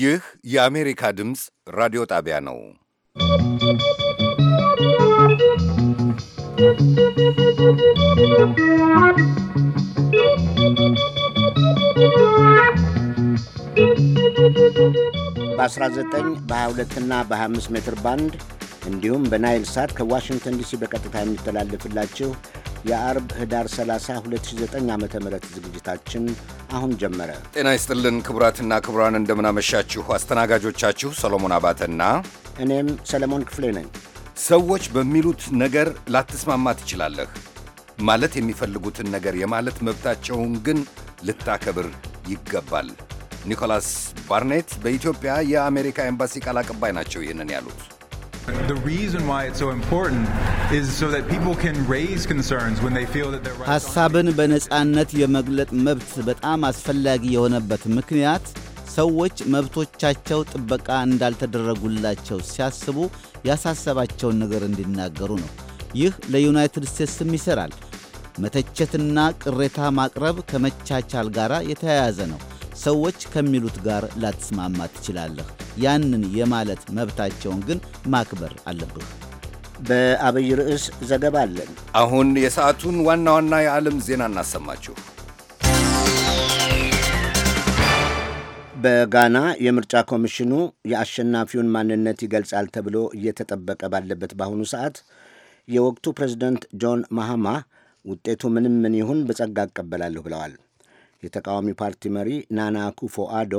ይህ የአሜሪካ ድምፅ ራዲዮ ጣቢያ ነው። በ19 በ22ና በ25 ሜትር ባንድ እንዲሁም በናይል ሳት ከዋሽንግተን ዲሲ በቀጥታ የሚተላለፍላችሁ የአርብ ህዳር 30 2009 ዓ ም ዝግጅታችን አሁን ጀመረ። ጤና ይስጥልን ክቡራትና ክቡራን፣ እንደምናመሻችሁ። አስተናጋጆቻችሁ ሰሎሞን አባተና እኔም ሰለሞን ክፍሌ ነኝ። ሰዎች በሚሉት ነገር ላትስማማ ትችላለህ። ማለት የሚፈልጉትን ነገር የማለት መብታቸውን ግን ልታከብር ይገባል። ኒኮላስ ባርኔት በኢትዮጵያ የአሜሪካ ኤምባሲ ቃል አቀባይ ናቸው ይህንን ያሉት። ሐሳብን በነጻነት የመግለጥ መብት በጣም አስፈላጊ የሆነበት ምክንያት ሰዎች መብቶቻቸው ጥበቃ እንዳልተደረጉላቸው ሲያስቡ ያሳሰባቸውን ነገር እንዲናገሩ ነው። ይህ ለዩናይትድ ስቴትስም ይሠራል። መተቸትና ቅሬታ ማቅረብ ከመቻቻል ጋር የተያያዘ ነው። ሰዎች ከሚሉት ጋር ላትስማማ ትችላለህ። ያንን የማለት መብታቸውን ግን ማክበር አለብህ። በአብይ ርዕስ ዘገባ አለን። አሁን የሰዓቱን ዋና ዋና የዓለም ዜና እናሰማችሁ። በጋና የምርጫ ኮሚሽኑ የአሸናፊውን ማንነት ይገልጻል ተብሎ እየተጠበቀ ባለበት በአሁኑ ሰዓት የወቅቱ ፕሬዚደንት ጆን ማሃማ ውጤቱ ምንም ምን ይሁን በጸጋ እቀበላለሁ ብለዋል። የተቃዋሚ ፓርቲ መሪ ናና ኩፎ አዶ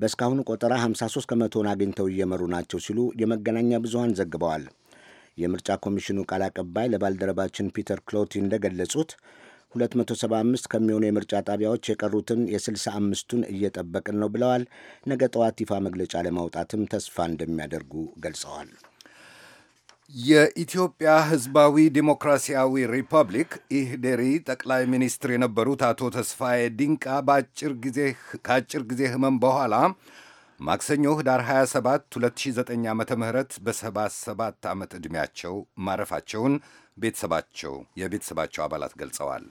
በእስካሁኑ ቆጠራ 53 ከመቶን አግኝተው እየመሩ ናቸው ሲሉ የመገናኛ ብዙሃን ዘግበዋል። የምርጫ ኮሚሽኑ ቃል አቀባይ ለባልደረባችን ፒተር ክሎቲ እንደገለጹት 275 ከሚሆኑ የምርጫ ጣቢያዎች የቀሩትን የ65ቱን እየጠበቅን ነው ብለዋል። ነገ ጠዋት ይፋ መግለጫ ለማውጣትም ተስፋ እንደሚያደርጉ ገልጸዋል። የኢትዮጵያ ሕዝባዊ ዴሞክራሲያዊ ሪፐብሊክ ኢህዴሪ ጠቅላይ ሚኒስትር የነበሩት አቶ ተስፋዬ ዲንቃ ከአጭር ጊዜ ህመም በኋላ ማክሰኞ ህዳር 27 2009 ዓ ም በ77 ዓመት ዕድሜያቸው ማረፋቸውን ቤተሰባቸው የቤተሰባቸው አባላት ገልጸዋል።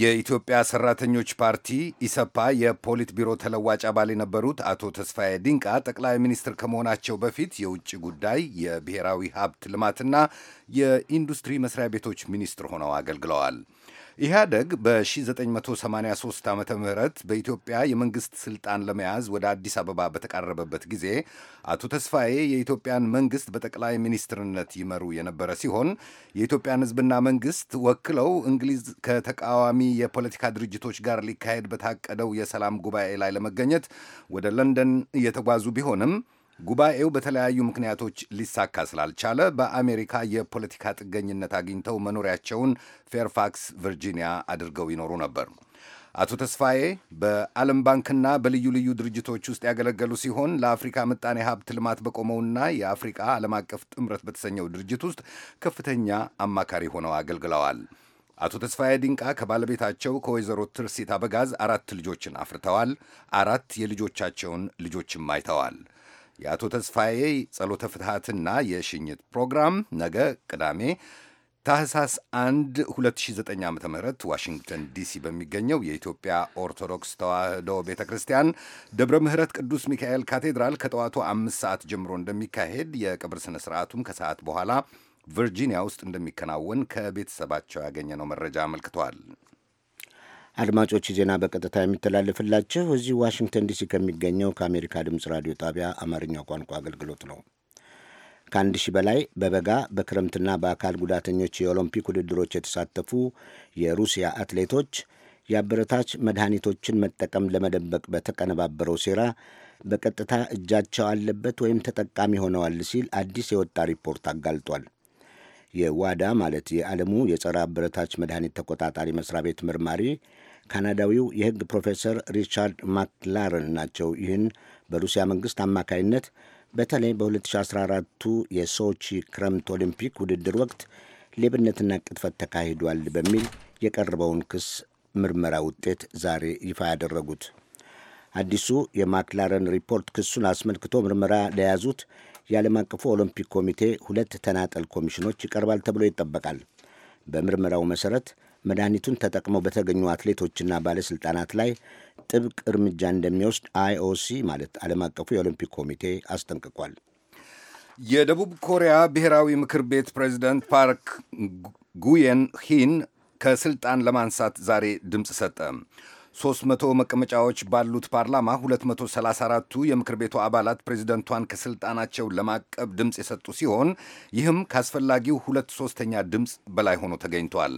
የኢትዮጵያ ሰራተኞች ፓርቲ ኢሰፓ የፖሊት ቢሮ ተለዋጭ አባል የነበሩት አቶ ተስፋዬ ዲንቃ ጠቅላይ ሚኒስትር ከመሆናቸው በፊት የውጭ ጉዳይ፣ የብሔራዊ ሀብት ልማትና የኢንዱስትሪ መስሪያ ቤቶች ሚኒስትር ሆነው አገልግለዋል። ኢህአደግ በ1983 ዓ ም በኢትዮጵያ የመንግሥት ሥልጣን ለመያዝ ወደ አዲስ አበባ በተቃረበበት ጊዜ አቶ ተስፋዬ የኢትዮጵያን መንግሥት በጠቅላይ ሚኒስትርነት ይመሩ የነበረ ሲሆን የኢትዮጵያን ሕዝብና መንግሥት ወክለው እንግሊዝ ከተቃዋሚ የፖለቲካ ድርጅቶች ጋር ሊካሄድ በታቀደው የሰላም ጉባኤ ላይ ለመገኘት ወደ ለንደን እየተጓዙ ቢሆንም ጉባኤው በተለያዩ ምክንያቶች ሊሳካ ስላልቻለ በአሜሪካ የፖለቲካ ጥገኝነት አግኝተው መኖሪያቸውን ፌርፋክስ ቨርጂኒያ አድርገው ይኖሩ ነበር። አቶ ተስፋዬ በዓለም ባንክና በልዩ ልዩ ድርጅቶች ውስጥ ያገለገሉ ሲሆን ለአፍሪካ ምጣኔ ሀብት ልማት በቆመውና የአፍሪካ ዓለም አቀፍ ጥምረት በተሰኘው ድርጅት ውስጥ ከፍተኛ አማካሪ ሆነው አገልግለዋል። አቶ ተስፋዬ ድንቃ ከባለቤታቸው ከወይዘሮ ትርሲት አበጋዝ አራት ልጆችን አፍርተዋል። አራት የልጆቻቸውን ልጆችም አይተዋል። የአቶ ተስፋዬ ጸሎተ ፍትሐትና የሽኝት ፕሮግራም ነገ ቅዳሜ ታህሳስ 1 2009 ዓ ም ዋሽንግተን ዲሲ በሚገኘው የኢትዮጵያ ኦርቶዶክስ ተዋህዶ ቤተ ክርስቲያን ደብረ ምሕረት ቅዱስ ሚካኤል ካቴድራል ከጠዋቱ አምስት ሰዓት ጀምሮ እንደሚካሄድ የቅብር ሥነ ሥርዓቱም ከሰዓት በኋላ ቨርጂኒያ ውስጥ እንደሚከናወን ከቤተሰባቸው ያገኘነው መረጃ አመልክቷል። አድማጮች ዜና በቀጥታ የሚተላለፍላችሁ እዚህ ዋሽንግተን ዲሲ ከሚገኘው ከአሜሪካ ድምፅ ራዲዮ ጣቢያ አማርኛው ቋንቋ አገልግሎት ነው። ከአንድ ሺህ በላይ በበጋ በክረምትና በአካል ጉዳተኞች የኦሎምፒክ ውድድሮች የተሳተፉ የሩሲያ አትሌቶች የአበረታች መድኃኒቶችን መጠቀም ለመደበቅ በተቀነባበረው ሴራ በቀጥታ እጃቸው አለበት ወይም ተጠቃሚ ሆነዋል ሲል አዲስ የወጣ ሪፖርት አጋልጧል። የዋዳ ማለት የዓለሙ የጸረ አበረታች መድኃኒት ተቆጣጣሪ መስሪያ ቤት መርማሪ ካናዳዊው የሕግ ፕሮፌሰር ሪቻርድ ማክላረን ናቸው። ይህን በሩሲያ መንግሥት አማካይነት በተለይ በ2014ቱ የሶቺ ክረምት ኦሊምፒክ ውድድር ወቅት ሌብነትና ቅጥፈት ተካሂዷል በሚል የቀረበውን ክስ ምርመራ ውጤት ዛሬ ይፋ ያደረጉት። አዲሱ የማክላረን ሪፖርት ክሱን አስመልክቶ ምርመራ ለያዙት የዓለም አቀፉ ኦሎምፒክ ኮሚቴ ሁለት ተናጠል ኮሚሽኖች ይቀርባል ተብሎ ይጠበቃል። በምርመራው መሠረት መድኃኒቱን ተጠቅመው በተገኙ አትሌቶችና ባለሥልጣናት ላይ ጥብቅ እርምጃ እንደሚወስድ አይኦሲ ማለት ዓለም አቀፉ የኦሎምፒክ ኮሚቴ አስጠንቅቋል። የደቡብ ኮሪያ ብሔራዊ ምክር ቤት ፕሬዚደንት ፓርክ ጉየን ሂን ከስልጣን ለማንሳት ዛሬ ድምፅ ሰጠ። 300 መቀመጫዎች ባሉት ፓርላማ 234ቱ የምክር ቤቱ አባላት ፕሬዚደንቷን ከስልጣናቸው ለማቀብ ድምፅ የሰጡ ሲሆን ይህም ከአስፈላጊው ሁለት ሶስተኛ ድምፅ በላይ ሆኖ ተገኝቷል።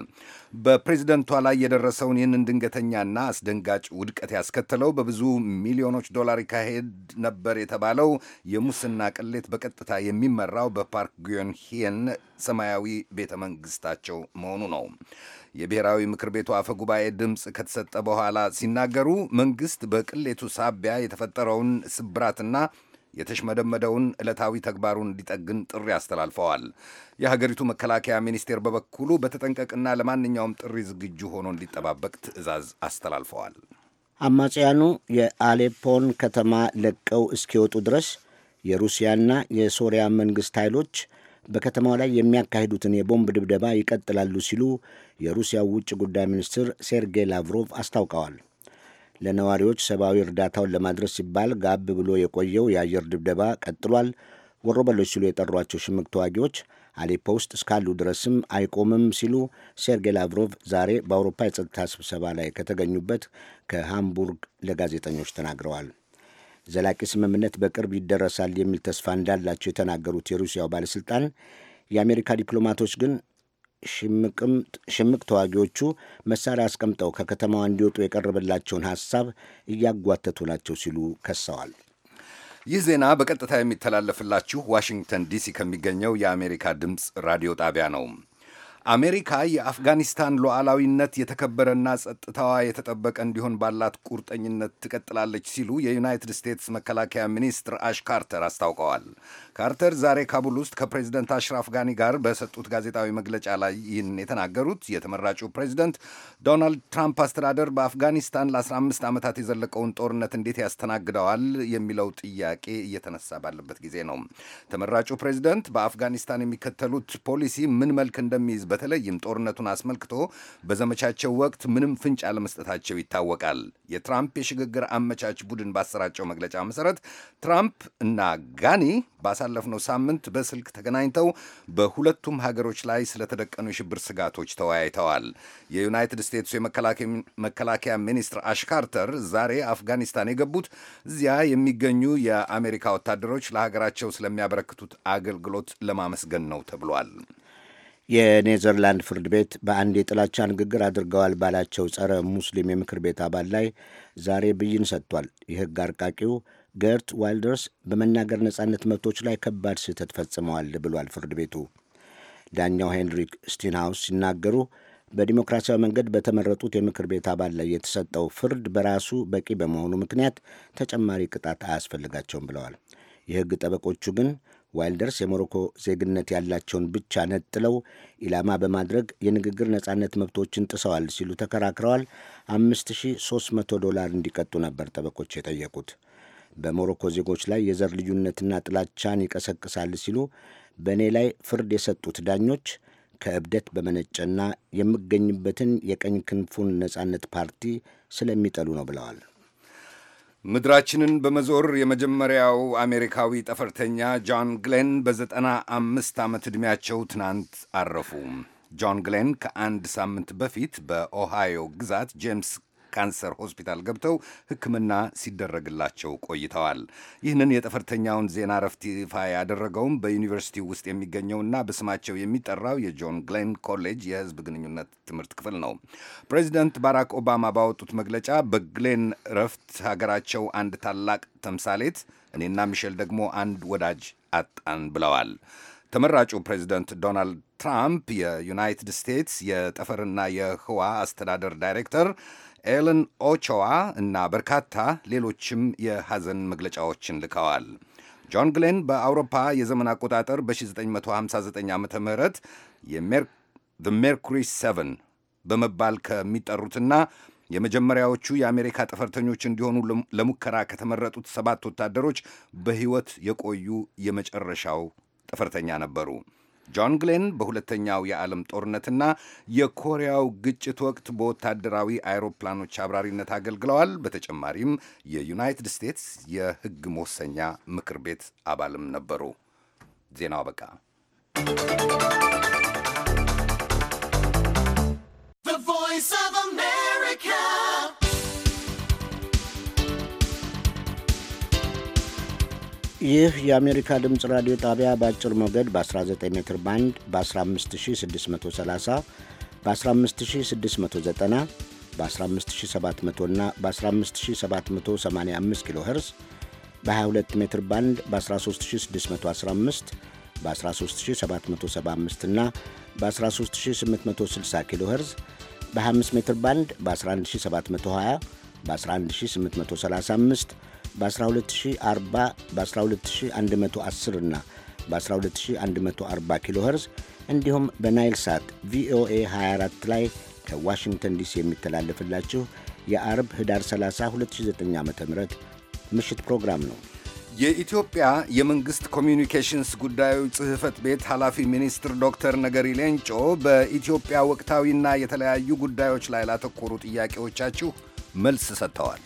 በፕሬዚደንቷ ላይ የደረሰውን ይህንን ድንገተኛና አስደንጋጭ ውድቀት ያስከተለው በብዙ ሚሊዮኖች ዶላር ይካሄድ ነበር የተባለው የሙስና ቅሌት በቀጥታ የሚመራው በፓርክ ጊዮንሂን ሰማያዊ ቤተ መንግስታቸው መሆኑ ነው። የብሔራዊ ምክር ቤቱ አፈ ጉባኤ ድምፅ ከተሰጠ በኋላ ሲናገሩ መንግሥት በቅሌቱ ሳቢያ የተፈጠረውን ስብራትና የተሽመደመደውን ዕለታዊ ተግባሩን እንዲጠግን ጥሪ አስተላልፈዋል። የሀገሪቱ መከላከያ ሚኒስቴር በበኩሉ በተጠንቀቅና ለማንኛውም ጥሪ ዝግጁ ሆኖ እንዲጠባበቅ ትዕዛዝ አስተላልፈዋል። አማጽያኑ የአሌፖን ከተማ ለቀው እስኪወጡ ድረስ የሩሲያና የሶሪያ መንግሥት ኃይሎች በከተማው ላይ የሚያካሂዱትን የቦምብ ድብደባ ይቀጥላሉ ሲሉ የሩሲያው ውጭ ጉዳይ ሚኒስትር ሴርጌይ ላቭሮቭ አስታውቀዋል። ለነዋሪዎች ሰብአዊ እርዳታውን ለማድረስ ሲባል ጋብ ብሎ የቆየው የአየር ድብደባ ቀጥሏል። ወሮበሎች ሲሉ የጠሯቸው ሽምቅ ተዋጊዎች አሌፖ ውስጥ እስካሉ ድረስም አይቆምም ሲሉ ሴርጌይ ላቭሮቭ ዛሬ በአውሮፓ የጸጥታ ስብሰባ ላይ ከተገኙበት ከሃምቡርግ ለጋዜጠኞች ተናግረዋል። ዘላቂ ስምምነት በቅርብ ይደረሳል የሚል ተስፋ እንዳላቸው የተናገሩት የሩሲያው ባለሥልጣን የአሜሪካ ዲፕሎማቶች ግን ሽምቅ ተዋጊዎቹ መሳሪያ አስቀምጠው ከከተማዋ እንዲወጡ የቀረበላቸውን ሐሳብ እያጓተቱ ናቸው ሲሉ ከሰዋል። ይህ ዜና በቀጥታ የሚተላለፍላችሁ ዋሽንግተን ዲሲ ከሚገኘው የአሜሪካ ድምፅ ራዲዮ ጣቢያ ነው። አሜሪካ የአፍጋኒስታን ሉዓላዊነት የተከበረና ጸጥታዋ የተጠበቀ እንዲሆን ባላት ቁርጠኝነት ትቀጥላለች ሲሉ የዩናይትድ ስቴትስ መከላከያ ሚኒስትር አሽ ካርተር አስታውቀዋል። ካርተር ዛሬ ካቡል ውስጥ ከፕሬዚደንት አሽራፍ ጋኒ ጋር በሰጡት ጋዜጣዊ መግለጫ ላይ ይህን የተናገሩት የተመራጩ ፕሬዚደንት ዶናልድ ትራምፕ አስተዳደር በአፍጋኒስታን ለ15 ዓመታት የዘለቀውን ጦርነት እንዴት ያስተናግደዋል የሚለው ጥያቄ እየተነሳ ባለበት ጊዜ ነው። ተመራጩ ፕሬዚደንት በአፍጋኒስታን የሚከተሉት ፖሊሲ ምን መልክ እንደሚይዝ በተለይም ጦርነቱን አስመልክቶ በዘመቻቸው ወቅት ምንም ፍንጭ አለመስጠታቸው ይታወቃል። የትራምፕ የሽግግር አመቻች ቡድን ባሰራጨው መግለጫ መሰረት ትራምፕ እና ጋኒ ባሳለፍነው ሳምንት በስልክ ተገናኝተው በሁለቱም ሀገሮች ላይ ስለተደቀኑ የሽብር ስጋቶች ተወያይተዋል። የዩናይትድ ስቴትሱ የመከላከያ ሚኒስትር አሽ ካርተር ዛሬ አፍጋኒስታን የገቡት እዚያ የሚገኙ የአሜሪካ ወታደሮች ለሀገራቸው ስለሚያበረክቱት አገልግሎት ለማመስገን ነው ተብሏል። የኔዘርላንድ ፍርድ ቤት በአንድ የጥላቻ ንግግር አድርገዋል ባላቸው ጸረ ሙስሊም የምክር ቤት አባል ላይ ዛሬ ብይን ሰጥቷል። የሕግ አርቃቂው ገርት ዋይልደርስ በመናገር ነጻነት መብቶች ላይ ከባድ ስህተት ፈጽመዋል ብሏል ፍርድ ቤቱ። ዳኛው ሄንሪክ ስቲንሃውስ ሲናገሩ በዲሞክራሲያዊ መንገድ በተመረጡት የምክር ቤት አባል ላይ የተሰጠው ፍርድ በራሱ በቂ በመሆኑ ምክንያት ተጨማሪ ቅጣት አያስፈልጋቸውም ብለዋል። የሕግ ጠበቆቹ ግን ዋይልደርስ የሞሮኮ ዜግነት ያላቸውን ብቻ ነጥለው ኢላማ በማድረግ የንግግር ነጻነት መብቶችን ጥሰዋል ሲሉ ተከራክረዋል። 5300 ዶላር እንዲቀጡ ነበር ጠበቆች የጠየቁት። በሞሮኮ ዜጎች ላይ የዘር ልዩነትና ጥላቻን ይቀሰቅሳል ሲሉ በእኔ ላይ ፍርድ የሰጡት ዳኞች ከእብደት በመነጨና የምገኝበትን የቀኝ ክንፉን ነጻነት ፓርቲ ስለሚጠሉ ነው ብለዋል። ምድራችንን በመዞር የመጀመሪያው አሜሪካዊ ጠፈርተኛ ጆን ግሌን በዘጠና አምስት ዓመት ዕድሜያቸው ትናንት አረፉ። ጆን ግሌን ከአንድ ሳምንት በፊት በኦሃዮ ግዛት ጄምስ ካንሰር ሆስፒታል ገብተው ሕክምና ሲደረግላቸው ቆይተዋል። ይህንን የጠፈርተኛውን ዜና እረፍት ይፋ ያደረገውም በዩኒቨርሲቲ ውስጥ የሚገኘውና በስማቸው የሚጠራው የጆን ግሌን ኮሌጅ የህዝብ ግንኙነት ትምህርት ክፍል ነው። ፕሬዚደንት ባራክ ኦባማ ባወጡት መግለጫ በግሌን እረፍት ሀገራቸው አንድ ታላቅ ተምሳሌት፣ እኔና ሚሼል ደግሞ አንድ ወዳጅ አጣን ብለዋል። ተመራጩ ፕሬዚደንት ዶናልድ ትራምፕ የዩናይትድ ስቴትስ የጠፈርና የህዋ አስተዳደር ዳይሬክተር ኤለን ኦቾዋ እና በርካታ ሌሎችም የሐዘን መግለጫዎችን ልከዋል። ጆን ግሌን በአውሮፓ የዘመን አቆጣጠር በ1959 ዓ ም ሜርኩሪ 7 በመባል ከሚጠሩትና የመጀመሪያዎቹ የአሜሪካ ጠፈርተኞች እንዲሆኑ ለሙከራ ከተመረጡት ሰባት ወታደሮች በሕይወት የቆዩ የመጨረሻው ጠፈርተኛ ነበሩ። ጆን ግሌን በሁለተኛው የዓለም ጦርነትና የኮሪያው ግጭት ወቅት በወታደራዊ አይሮፕላኖች አብራሪነት አገልግለዋል። በተጨማሪም የዩናይትድ ስቴትስ የሕግ መወሰኛ ምክር ቤት አባልም ነበሩ። ዜናው አበቃ። ይህ የአሜሪካ ድምፅ ራዲዮ ጣቢያ በአጭር ሞገድ በ19 ሜትር ባንድ በ15630 በ15690 በ15700 እና በ15785 ኪሎ ሄርዝ በ22 ሜትር ባንድ በ13615 በ13775 እና በ13860 ኪሎ ሄርዝ በ5 ሜትር ባንድ በ11720 በ11835 በ12040 በ12110 እና በ12140 ኪሎ ኸርዝ እንዲሁም በናይል ሳት ቪኦኤ 24 ላይ ከዋሽንግተን ዲሲ የሚተላለፍላችሁ የአርብ ህዳር 30 2009 ዓ ም ምሽት ፕሮግራም ነው። የኢትዮጵያ የመንግስት ኮሚኒኬሽንስ ጉዳዮች ጽሕፈት ቤት ኃላፊ ሚኒስትር ዶክተር ነገሪ ሌንጮ በኢትዮጵያ ወቅታዊና የተለያዩ ጉዳዮች ላይ ላተኮሩ ጥያቄዎቻችሁ መልስ ሰጥተዋል።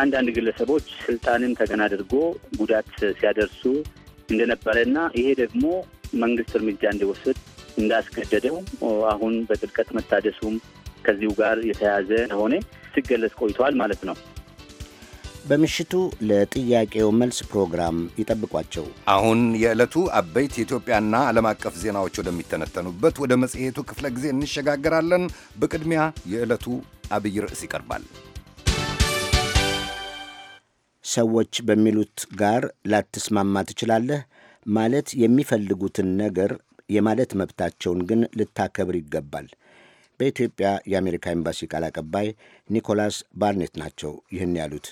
አንዳንድ ግለሰቦች ስልጣንን ተገን አድርጎ ጉዳት ሲያደርሱ እንደነበረና ይሄ ደግሞ መንግስት እርምጃ እንዲወስድ እንዳስገደደው አሁን በጥልቀት መታደሱም ከዚሁ ጋር የተያያዘ ሆነ ሲገለጽ ቆይተዋል ማለት ነው። በምሽቱ ለጥያቄው መልስ ፕሮግራም ይጠብቋቸው። አሁን የዕለቱ አበይት የኢትዮጵያና ዓለም አቀፍ ዜናዎች ወደሚተነተኑበት ወደ መጽሔቱ ክፍለ ጊዜ እንሸጋገራለን። በቅድሚያ የዕለቱ አብይ ርዕስ ይቀርባል። ሰዎች በሚሉት ጋር ላትስማማ ትችላለህ ማለት የሚፈልጉትን ነገር የማለት መብታቸውን ግን ልታከብር ይገባል። በኢትዮጵያ የአሜሪካ ኤምባሲ ቃል አቀባይ ኒኮላስ ባርኔት ናቸው ይህን ያሉት።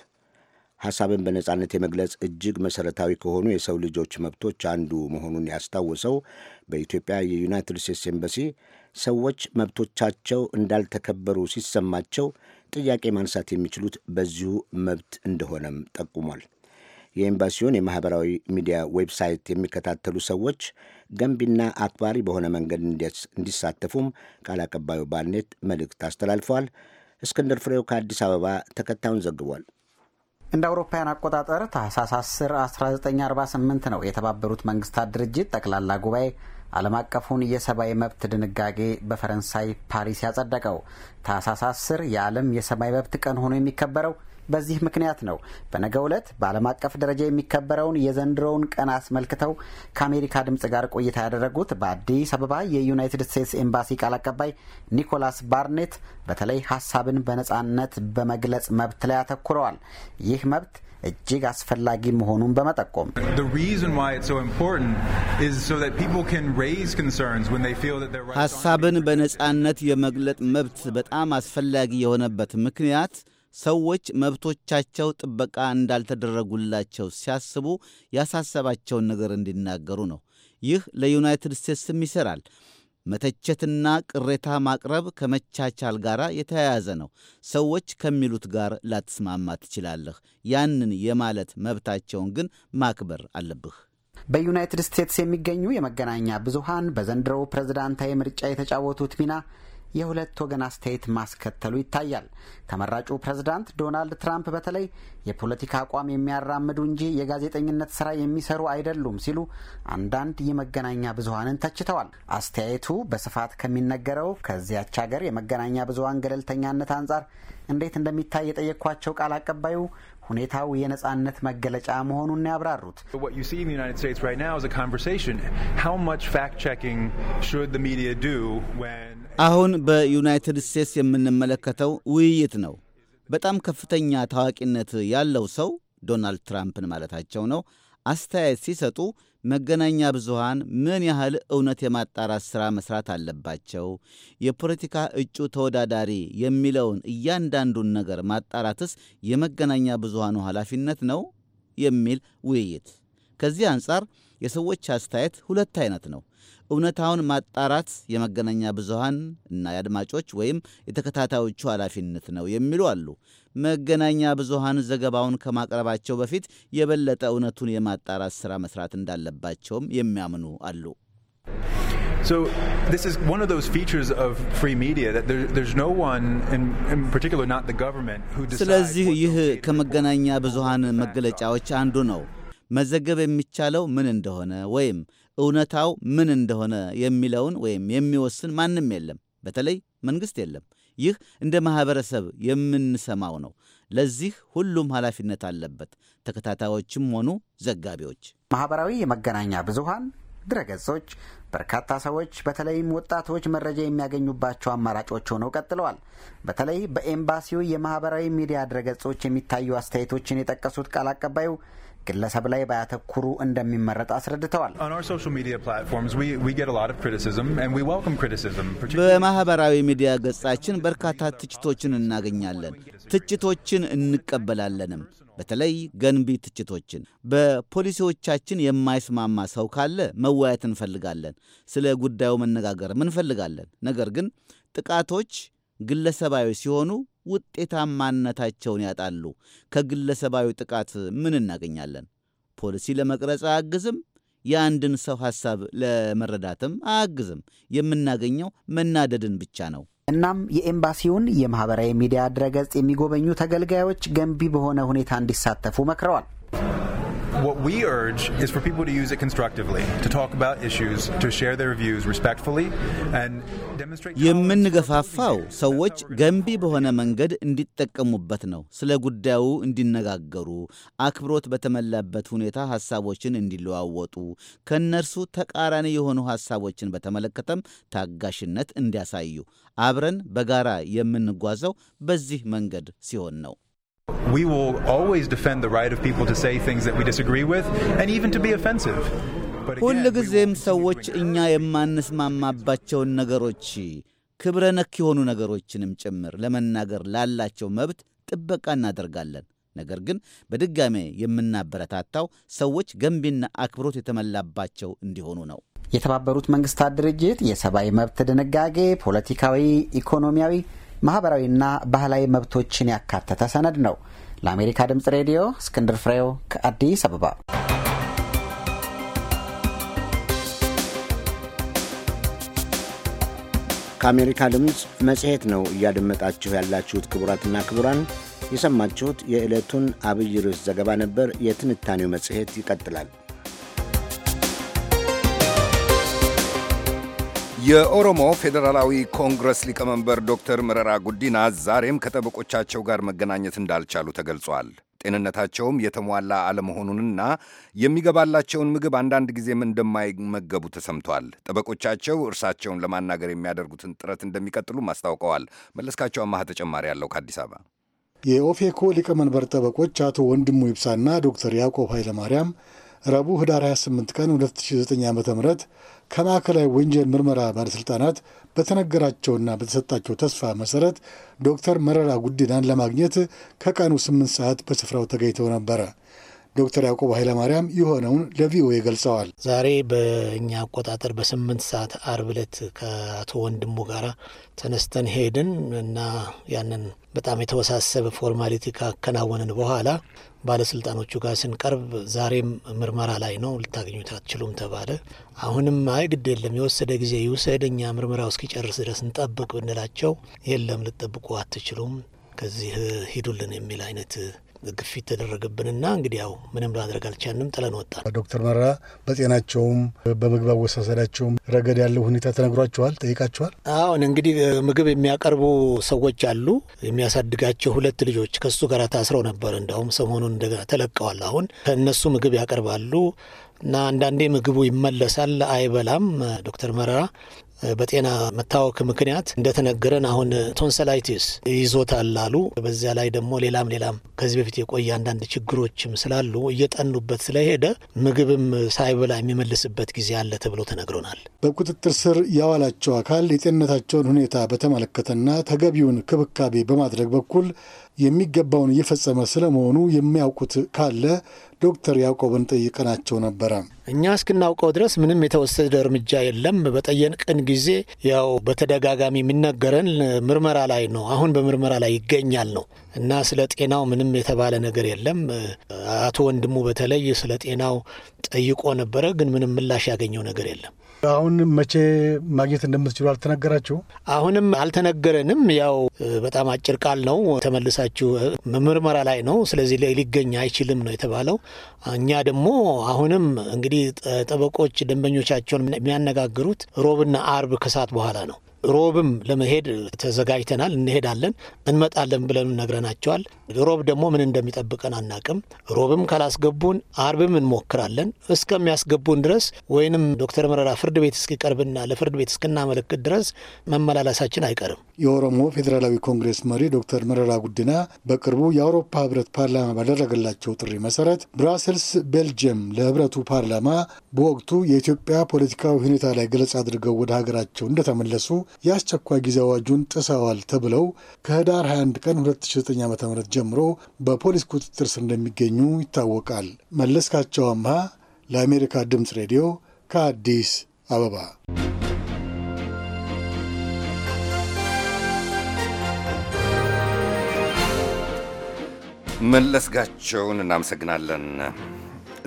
ሐሳብን በነጻነት የመግለጽ እጅግ መሠረታዊ ከሆኑ የሰው ልጆች መብቶች አንዱ መሆኑን ያስታውሰው በኢትዮጵያ የዩናይትድ ስቴትስ ኤምባሲ ሰዎች መብቶቻቸው እንዳልተከበሩ ሲሰማቸው ጥያቄ ማንሳት የሚችሉት በዚሁ መብት እንደሆነም ጠቁሟል። የኤምባሲውን የማኅበራዊ ሚዲያ ዌብሳይት የሚከታተሉ ሰዎች ገንቢና አክባሪ በሆነ መንገድ እንዲሳተፉም ቃል አቀባዩ ባልኔት መልእክት አስተላልፈዋል። እስክንድር ፍሬው ከአዲስ አበባ ተከታዩን ዘግቧል። እንደ አውሮፓውያን አቆጣጠር ታህሳስ 10 1948 ነው የተባበሩት መንግስታት ድርጅት ጠቅላላ ጉባኤ ዓለም አቀፉን የሰብአዊ መብት ድንጋጌ በፈረንሳይ ፓሪስ ያጸደቀው ታህሳስ 10 የዓለም የሰብአዊ መብት ቀን ሆኖ የሚከበረው በዚህ ምክንያት ነው። በነገ ዕለት በዓለም አቀፍ ደረጃ የሚከበረውን የዘንድሮውን ቀን አስመልክተው ከአሜሪካ ድምፅ ጋር ቆይታ ያደረጉት በአዲስ አበባ የዩናይትድ ስቴትስ ኤምባሲ ቃል አቀባይ ኒኮላስ ባርኔት በተለይ ሀሳብን በነፃነት በመግለጽ መብት ላይ አተኩረዋል። ይህ መብት እጅግ አስፈላጊ መሆኑን በመጠቆም ሀሳብን በነጻነት የመግለጥ መብት በጣም አስፈላጊ የሆነበት ምክንያት ሰዎች መብቶቻቸው ጥበቃ እንዳልተደረጉላቸው ሲያስቡ ያሳሰባቸውን ነገር እንዲናገሩ ነው። ይህ ለዩናይትድ ስቴትስም ይሠራል። መተቸትና ቅሬታ ማቅረብ ከመቻቻል ጋር የተያያዘ ነው። ሰዎች ከሚሉት ጋር ላትስማማ ትችላለህ። ያንን የማለት መብታቸውን ግን ማክበር አለብህ። በዩናይትድ ስቴትስ የሚገኙ የመገናኛ ብዙሃን በዘንድሮው ፕሬዝዳንታዊ ምርጫ የተጫወቱት ሚና የሁለት ወገን አስተያየት ማስከተሉ ይታያል። ተመራጩ ፕሬዝዳንት ዶናልድ ትራምፕ በተለይ የፖለቲካ አቋም የሚያራምዱ እንጂ የጋዜጠኝነት ስራ የሚሰሩ አይደሉም ሲሉ አንዳንድ የመገናኛ ብዙሀንን ተችተዋል። አስተያየቱ በስፋት ከሚነገረው ከዚያች ሀገር የመገናኛ ብዙሀን ገለልተኛነት አንጻር እንዴት እንደሚታይ የጠየኳቸው ቃል አቀባዩ ሁኔታው የነጻነት መገለጫ መሆኑን ያብራሩት አሁን በዩናይትድ ስቴትስ የምንመለከተው ውይይት ነው። በጣም ከፍተኛ ታዋቂነት ያለው ሰው ዶናልድ ትራምፕን ማለታቸው ነው አስተያየት ሲሰጡ መገናኛ ብዙሃን ምን ያህል እውነት የማጣራት ሥራ መስራት አለባቸው፣ የፖለቲካ እጩ ተወዳዳሪ የሚለውን እያንዳንዱን ነገር ማጣራትስ የመገናኛ ብዙሃኑ ኃላፊነት ነው የሚል ውይይት። ከዚህ አንጻር የሰዎች አስተያየት ሁለት አይነት ነው። እውነታውን ማጣራት የመገናኛ ብዙሃን እና የአድማጮች ወይም የተከታታዮቹ ኃላፊነት ነው የሚሉ አሉ። መገናኛ ብዙሃን ዘገባውን ከማቅረባቸው በፊት የበለጠ እውነቱን የማጣራት ሥራ መስራት እንዳለባቸውም የሚያምኑ አሉ። So this is one of those features of free media that there, there's no one, in, in particular not the government, who decides. ስለዚህ ይህ ከመገናኛ ብዙሃን መገለጫዎች አንዱ ነው። መዘገብ የሚቻለው ምን እንደሆነ ወይም እውነታው ምን እንደሆነ የሚለውን ወይም የሚወስን ማንም የለም፣ በተለይ መንግሥት የለም። ይህ እንደ ማኅበረሰብ የምንሰማው ነው። ለዚህ ሁሉም ኃላፊነት አለበት፣ ተከታታዮችም ሆኑ ዘጋቢዎች። ማኅበራዊ የመገናኛ ብዙሃን ድረገጾች በርካታ ሰዎች በተለይም ወጣቶች መረጃ የሚያገኙባቸው አማራጮች ሆነው ቀጥለዋል። በተለይ በኤምባሲው የማኅበራዊ ሚዲያ ድረገጾች የሚታዩ አስተያየቶችን የጠቀሱት ቃል አቀባዩ ግለሰብ ላይ ባያተኩሩ እንደሚመረጥ አስረድተዋል። በማህበራዊ ሚዲያ ገጻችን በርካታ ትችቶችን እናገኛለን። ትችቶችን እንቀበላለንም፣ በተለይ ገንቢ ትችቶችን። በፖሊሲዎቻችን የማይስማማ ሰው ካለ መወያየት እንፈልጋለን። ስለ ጉዳዩ መነጋገርም እንፈልጋለን። ነገር ግን ጥቃቶች ግለሰባዊ ሲሆኑ ውጤታማነታቸውን ያጣሉ። ከግለሰባዊ ጥቃት ምን እናገኛለን? ፖሊሲ ለመቅረጽ አያግዝም። የአንድን ሰው ሐሳብ ለመረዳትም አያግዝም። የምናገኘው መናደድን ብቻ ነው። እናም የኤምባሲውን የማኅበራዊ ሚዲያ ድረገጽ የሚጎበኙ ተገልጋዮች ገንቢ በሆነ ሁኔታ እንዲሳተፉ መክረዋል። What we urge is for people to use it constructively, to talk about issues, to share their views respectfully, and demonstrate. የምንገፋፋው ሰዎች ገንቢ በሆነ መንገድ እንዲጠቀሙበት ነው። ስለ ጉዳዩ እንዲነጋገሩ፣ አክብሮት በተሞላበት ሁኔታ ሀሳቦችን እንዲለዋወጡ፣ ከእነርሱ ተቃራኒ የሆኑ ሀሳቦችን በተመለከተም ታጋሽነት እንዲያሳዩ፣ አብረን በጋራ የምንጓዘው በዚህ መንገድ ሲሆን ነው። We will always defend the right of people to say things that we disagree with and even to be offensive. ሁል ጊዜም ሰዎች እኛ የማንስማማባቸውን ነገሮች ክብረ ነክ የሆኑ ነገሮችንም ጭምር ለመናገር ላላቸው መብት ጥበቃ እናደርጋለን። ነገር ግን በድጋሜ የምናበረታታው ሰዎች ገንቢና አክብሮት የተመላባቸው እንዲሆኑ ነው። የተባበሩት መንግስታት ድርጅት የሰብአዊ መብት ድንጋጌ ፖለቲካዊ፣ ኢኮኖሚያዊ ማህበራዊና ባህላዊ መብቶችን ያካተተ ሰነድ ነው። ለአሜሪካ ድምፅ ሬዲዮ እስክንድር ፍሬው ከአዲስ አበባ። ከአሜሪካ ድምፅ መጽሔት ነው እያደመጣችሁ ያላችሁት። ክቡራትና ክቡራን የሰማችሁት የዕለቱን አብይ ርዕስ ዘገባ ነበር። የትንታኔው መጽሔት ይቀጥላል። የኦሮሞ ፌዴራላዊ ኮንግረስ ሊቀመንበር ዶክተር መረራ ጉዲና ዛሬም ከጠበቆቻቸው ጋር መገናኘት እንዳልቻሉ ተገልጿል። ጤንነታቸውም የተሟላ አለመሆኑንና የሚገባላቸውን ምግብ አንዳንድ ጊዜም እንደማይመገቡ ተሰምቷል። ጠበቆቻቸው እርሳቸውን ለማናገር የሚያደርጉትን ጥረት እንደሚቀጥሉም አስታውቀዋል። መለስካቸው አማሃ ተጨማሪ ያለው ከአዲስ አበባ የኦፌኮ ሊቀመንበር ጠበቆች አቶ ወንድሙ ይብሳና ዶክተር ያዕቆብ ኃይለማርያም ረቡዕ ህዳር 28 ቀን 2009 ዓ ም ከማዕከላዊ ወንጀል ምርመራ ባለሥልጣናት በተነገራቸውና በተሰጣቸው ተስፋ መሠረት ዶክተር መረራ ጉዲናን ለማግኘት ከቀኑ 8 ሰዓት በስፍራው ተገኝተው ነበረ። ዶክተር ያዕቆብ ኃይለማርያም የሆነውን ለቪኦኤ ገልጸዋል። ዛሬ በእኛ አቆጣጠር በስምንት ሰዓት አርብ ዕለት ከአቶ ወንድሙ ጋር ተነስተን ሄድን እና ያንን በጣም የተወሳሰበ ፎርማሊቲ ካከናወንን በኋላ ባለስልጣኖቹ ጋር ስንቀርብ ዛሬም ምርመራ ላይ ነው ልታገኙት አትችሉም ተባለ። አሁንም አይ ግድ የለም የወሰደ ጊዜ ይውሰድ እኛ ምርመራው እስኪጨርስ ድረስ እንጠብቅ ብንላቸው የለም ልጠብቁ አትችሉም ከዚህ ሂዱልን የሚል አይነት ግፊት ተደረገብንና እንግዲህ ያው ምንም ላድረግ አልቻንም ጥለን ወጣን። ዶክተር መረራ በጤናቸውም በምግብ አወሳሰዳቸውም ረገድ ያለው ሁኔታ ተነግሯቸዋል፣ ጠይቃቸዋል? አሁን እንግዲህ ምግብ የሚያቀርቡ ሰዎች አሉ። የሚያሳድጋቸው ሁለት ልጆች ከሱ ጋር ታስረው ነበር። እንዳውም ሰሞኑን እንደገና ተለቀዋል። አሁን ከእነሱ ምግብ ያቀርባሉ እና አንዳንዴ ምግቡ ይመለሳል፣ አይበላም ዶክተር መረራ በጤና መታወክ ምክንያት እንደተነገረን አሁን ቶንሰላይቲስ ይዞታል አሉ። በዚያ ላይ ደግሞ ሌላም ሌላም ከዚህ በፊት የቆየ አንዳንድ ችግሮችም ስላሉ እየጠኑበት ስለሄደ ምግብም ሳይበላ የሚመልስበት ጊዜ አለ ተብሎ ተነግሮናል። በቁጥጥር ስር ያዋላቸው አካል የጤንነታቸውን ሁኔታ በተመለከተና ተገቢውን ክብካቤ በማድረግ በኩል የሚገባውን እየፈጸመ ስለመሆኑ የሚያውቁት ካለ ዶክተር ያዕቆብን ጠይቀናቸው ነበረ። እኛ እስክናውቀው ድረስ ምንም የተወሰደ እርምጃ የለም። በጠየቅን ጊዜ ያው በተደጋጋሚ የሚነገረን ምርመራ ላይ ነው፣ አሁን በምርመራ ላይ ይገኛል ነው እና ስለ ጤናው ምንም የተባለ ነገር የለም። አቶ ወንድሙ በተለይ ስለ ጤናው ጠይቆ ነበረ፣ ግን ምንም ምላሽ ያገኘው ነገር የለም። አሁን መቼ ማግኘት እንደምትችሉ አልተነገራችሁ? አሁንም አልተነገረንም። ያው በጣም አጭር ቃል ነው። ተመልሳችሁ ምርመራ ላይ ነው፣ ስለዚህ ሊገኝ አይችልም ነው የተባለው። እኛ ደግሞ አሁንም እንግዲህ ጠበቆች ደንበኞቻቸውን የሚያነጋግሩት ሮብና አርብ ከሰዓት በኋላ ነው። ሮብም ለመሄድ ተዘጋጅተናል። እንሄዳለን፣ እንመጣለን ብለን ነግረናቸዋል። ሮብ ደግሞ ምን እንደሚጠብቀን አናቅም። ሮብም ካላስገቡን አርብም እንሞክራለን። እስከሚያስገቡን ድረስ ወይንም ዶክተር መረራ ፍርድ ቤት እስኪቀርብና ለፍርድ ቤት እስክናመለክት ድረስ መመላለሳችን አይቀርም። የኦሮሞ ፌዴራላዊ ኮንግሬስ መሪ ዶክተር መረራ ጉዲና በቅርቡ የአውሮፓ ህብረት ፓርላማ ባደረገላቸው ጥሪ መሰረት ብራሰልስ፣ ቤልጅየም ለህብረቱ ፓርላማ በወቅቱ የኢትዮጵያ ፖለቲካዊ ሁኔታ ላይ ገለጻ አድርገው ወደ ሀገራቸው እንደተመለሱ የአስቸኳይ ጊዜ አዋጁን ጥሰዋል ተብለው ከህዳር 21 ቀን 2009 ም ጀምሮ በፖሊስ ቁጥጥር ስር እንደሚገኙ ይታወቃል። መለስካቸው አምሃ ለአሜሪካ ድምፅ ሬዲዮ ከአዲስ አበባ መለስጋቸውን እናመሰግናለን።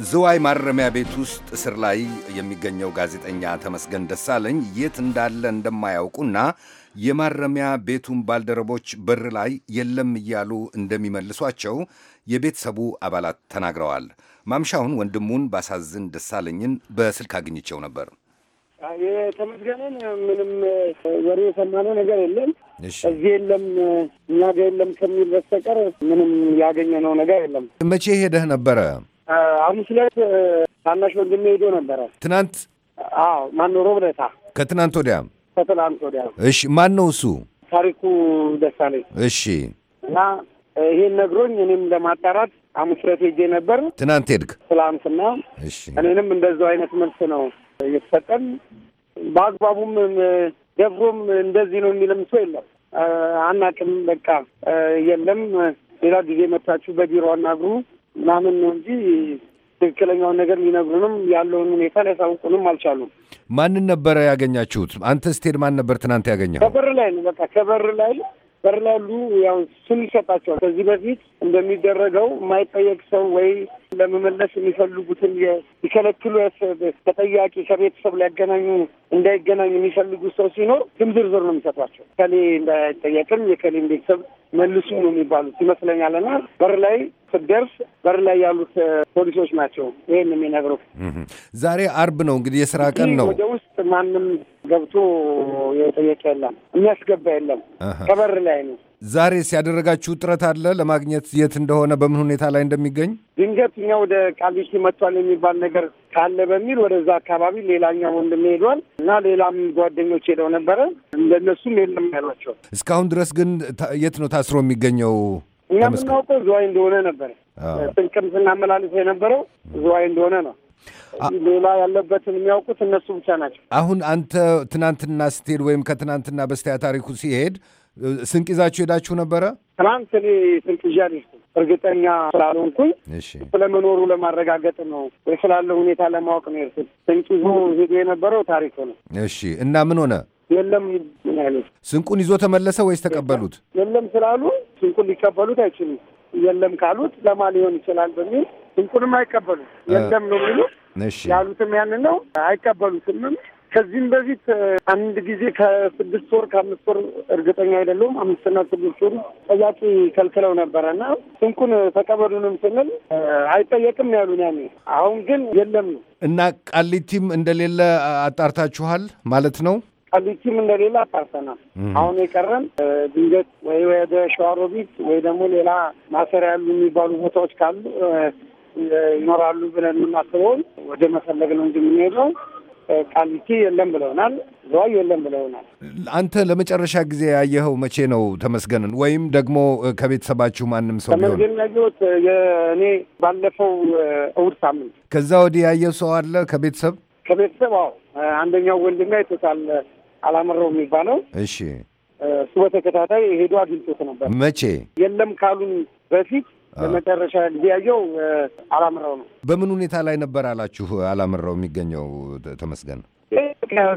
ዝዋይ ማረሚያ ቤት ውስጥ እስር ላይ የሚገኘው ጋዜጠኛ ተመስገን ደሳለኝ የት እንዳለ እንደማያውቁና የማረሚያ ቤቱን ባልደረቦች በር ላይ የለም እያሉ እንደሚመልሷቸው የቤተሰቡ አባላት ተናግረዋል። ማምሻውን ወንድሙን ባሳዝን ደሳለኝን በስልክ አግኝቸው ነበር። የተመስገንን ምንም ወሬ የሰማነው ነገር የለም። እዚህ የለም እኛ የለም ከሚል በስተቀር ምንም ያገኘነው ነገር የለም። መቼ ሄደህ ነበረ? ሐሙስ ዕለት ታናሽ ወንድሜ ሄዶ ነበረ። ትናንት? አዎ። ማነው? ሮብ ዕለት። ከትናንት ወዲያ? ከትናንት ወዲያ። እሺ። ማን ነው እሱ? ታሪኩ ደሳለኝ። እሺ። እና ይሄን ነግሮኝ እኔም ለማጣራት ሐሙስ ዕለት ሄጄ ነበር። ትናንት ሄድክ? ትናንትና። እሺ። እኔንም እንደዛው አይነት መልስ ነው እየተሰጠን። በአግባቡም ደፍሮም እንደዚህ ነው የሚልም ሰው የለም። አናቅም፣ በቃ የለም፣ ሌላ ጊዜ መታችሁ በቢሮ አናግሩ ምናምን ነው እንጂ ትክክለኛውን ነገር ሊነግሩንም ያለውን ሁኔታ ሊያሳውቁንም አልቻሉም። ማንን ነበረ ያገኛችሁት? አንተ ስቴድ ማን ነበር ትናንት ያገኘው? ከበር ላይ ነው። በቃ ከበር ላይ በር ያው ስም ይሰጣቸዋል። ከዚህ በፊት እንደሚደረገው የማይጠየቅ ሰው ወይ ለመመለስ የሚፈልጉትን ሊከለክሉ ተጠያቂ ከቤተሰብ ሊያገናኙ እንዳይገናኙ የሚፈልጉ ሰው ሲኖር ስም ዝርዝር ነው የሚሰጧቸው። ከሌ እንዳይጠየቅም የከሌን ቤተሰብ መልሱ ነው የሚባሉት ይመስለኛል። እና በር ላይ ስደርስ በር ላይ ያሉት ፖሊሶች ናቸው ይህን የሚነግሩት። ዛሬ አርብ ነው እንግዲህ የስራ ቀን ነው። ወደ ውስጥ ማንም ገብቶ የጠየቀ የለም፣ የሚያስገባ የለም። ከበር ላይ ነው። ዛሬ ሲያደረጋችሁ ጥረት አለ ለማግኘት የት እንደሆነ በምን ሁኔታ ላይ እንደሚገኝ ድንገት እኛ ወደ ቃሊቲ መጥቷል የሚባል ነገር ካለ በሚል ወደዛ አካባቢ ሌላኛ ወንድም ሄዷል እና ሌላም ጓደኞች ሄደው ነበረ። እንደነሱም የለም ያሏቸዋል። እስካሁን ድረስ ግን የት ነው ታስሮ የሚገኘው? እኛ የምናውቀው ዝዋይ እንደሆነ ነበር ጥንቅም ስናመላልሰ የነበረው ዝዋይ እንደሆነ ነው። ሌላ ያለበትን የሚያውቁት እነሱ ብቻ ናቸው። አሁን አንተ ትናንትና ስትሄድ ወይም ከትናንትና በስቲያ ታሪኩ ሲሄድ ስንቅ ይዛችሁ ሄዳችሁ ነበረ? ትናንት እኔ ስንቅ ይዤ እርግጠኛ ስላልሆንኩኝ ስለመኖሩ ለማረጋገጥ ነው ወይ ስላለ ሁኔታ ለማወቅ ነው የሄድኩት። ስንቅ ይዞ ሄዶ የነበረው ታሪኩ ነው። እሺ። እና ምን ሆነ? የለም ስንቁን ይዞ ተመለሰ ወይስ ተቀበሉት? የለም ስላሉ ስንቁን ሊቀበሉት አይችሉም። የለም ካሉት ለማ ሊሆን ይችላል በሚል እንቁንም አይቀበሉ የለም ነው የሚሉት ያሉትም ያንን ነው አይቀበሉትምም። ከዚህም በፊት አንድ ጊዜ ከስድስት ወር ከአምስት ወር እርግጠኛ አይደለሁም አምስትና ስድስት ወር ጠያቂ ከልክለው ነበረ እና ስንኩን ተቀበሉንም ስንል አይጠየቅም ያሉን ያኔ። አሁን ግን የለም ነው እና ቃሊቲም እንደሌለ አጣርታችኋል ማለት ነው? ቃሊቲም እንደሌለ አጣርተናል። አሁን የቀረን ድንገት ወይ ወደ ሸዋሮቢት ወይ ደግሞ ሌላ ማሰሪያ ያሉ የሚባሉ ቦታዎች ካሉ ይኖራሉ ብለን የምናስበውን ወደ መፈለግ ነው እንጂ የምንሄደው ቃሊቲ የለም ብለውናል። ዝዋይ የለም ብለውናል። አንተ ለመጨረሻ ጊዜ ያየኸው መቼ ነው ተመስገንን? ወይም ደግሞ ከቤተሰባችሁ ማንም ሰው ቢሆን ተመስገን ያየሁት የእኔ ባለፈው እሑድ ሳምንት። ከዛ ወዲህ ያየው ሰው አለ ከቤተሰብ ከቤተሰብ? አዎ አንደኛው ወንድም ጋር ይቶታል የሚባለው እሺ። እሱ በተከታታይ ሄዶ አግኝቶት ነበር። መቼ የለም ካሉን በፊት ለመጨረሻ ጊዜ ያየው አላምረው ነው። በምን ሁኔታ ላይ ነበር አላችሁ? አላምረው የሚገኘው ተመስገን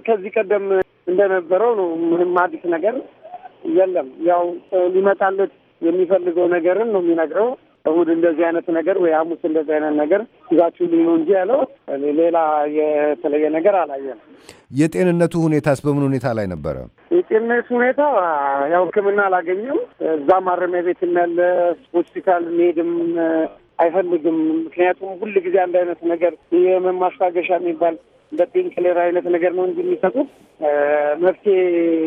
ከዚህ ቀደም እንደነበረው ነው። ምንም አዲስ ነገር የለም። ያው ሊመጣለት የሚፈልገው ነገርን ነው የሚነግረው። እሁድ እንደዚህ አይነት ነገር ወይ ሐሙስ እንደዚህ አይነት ነገር ይዛችሁልኝ ነው እንጂ ያለው ሌላ የተለየ ነገር አላየም። የጤንነቱ ሁኔታስ በምን ሁኔታ ላይ ነበረ? የጤንነት ሁኔታ ያው ሕክምና አላገኘም። እዛ ማረሚያ ቤት ያለ ሆስፒታል መሄድም አይፈልግም። ምክንያቱም ሁል ጊዜ አንድ አይነት ነገር የመማስታገሻ የሚባል እንደ ፔንክሌር አይነት ነገር ነው እንጂ የሚሰጡት መፍትሄ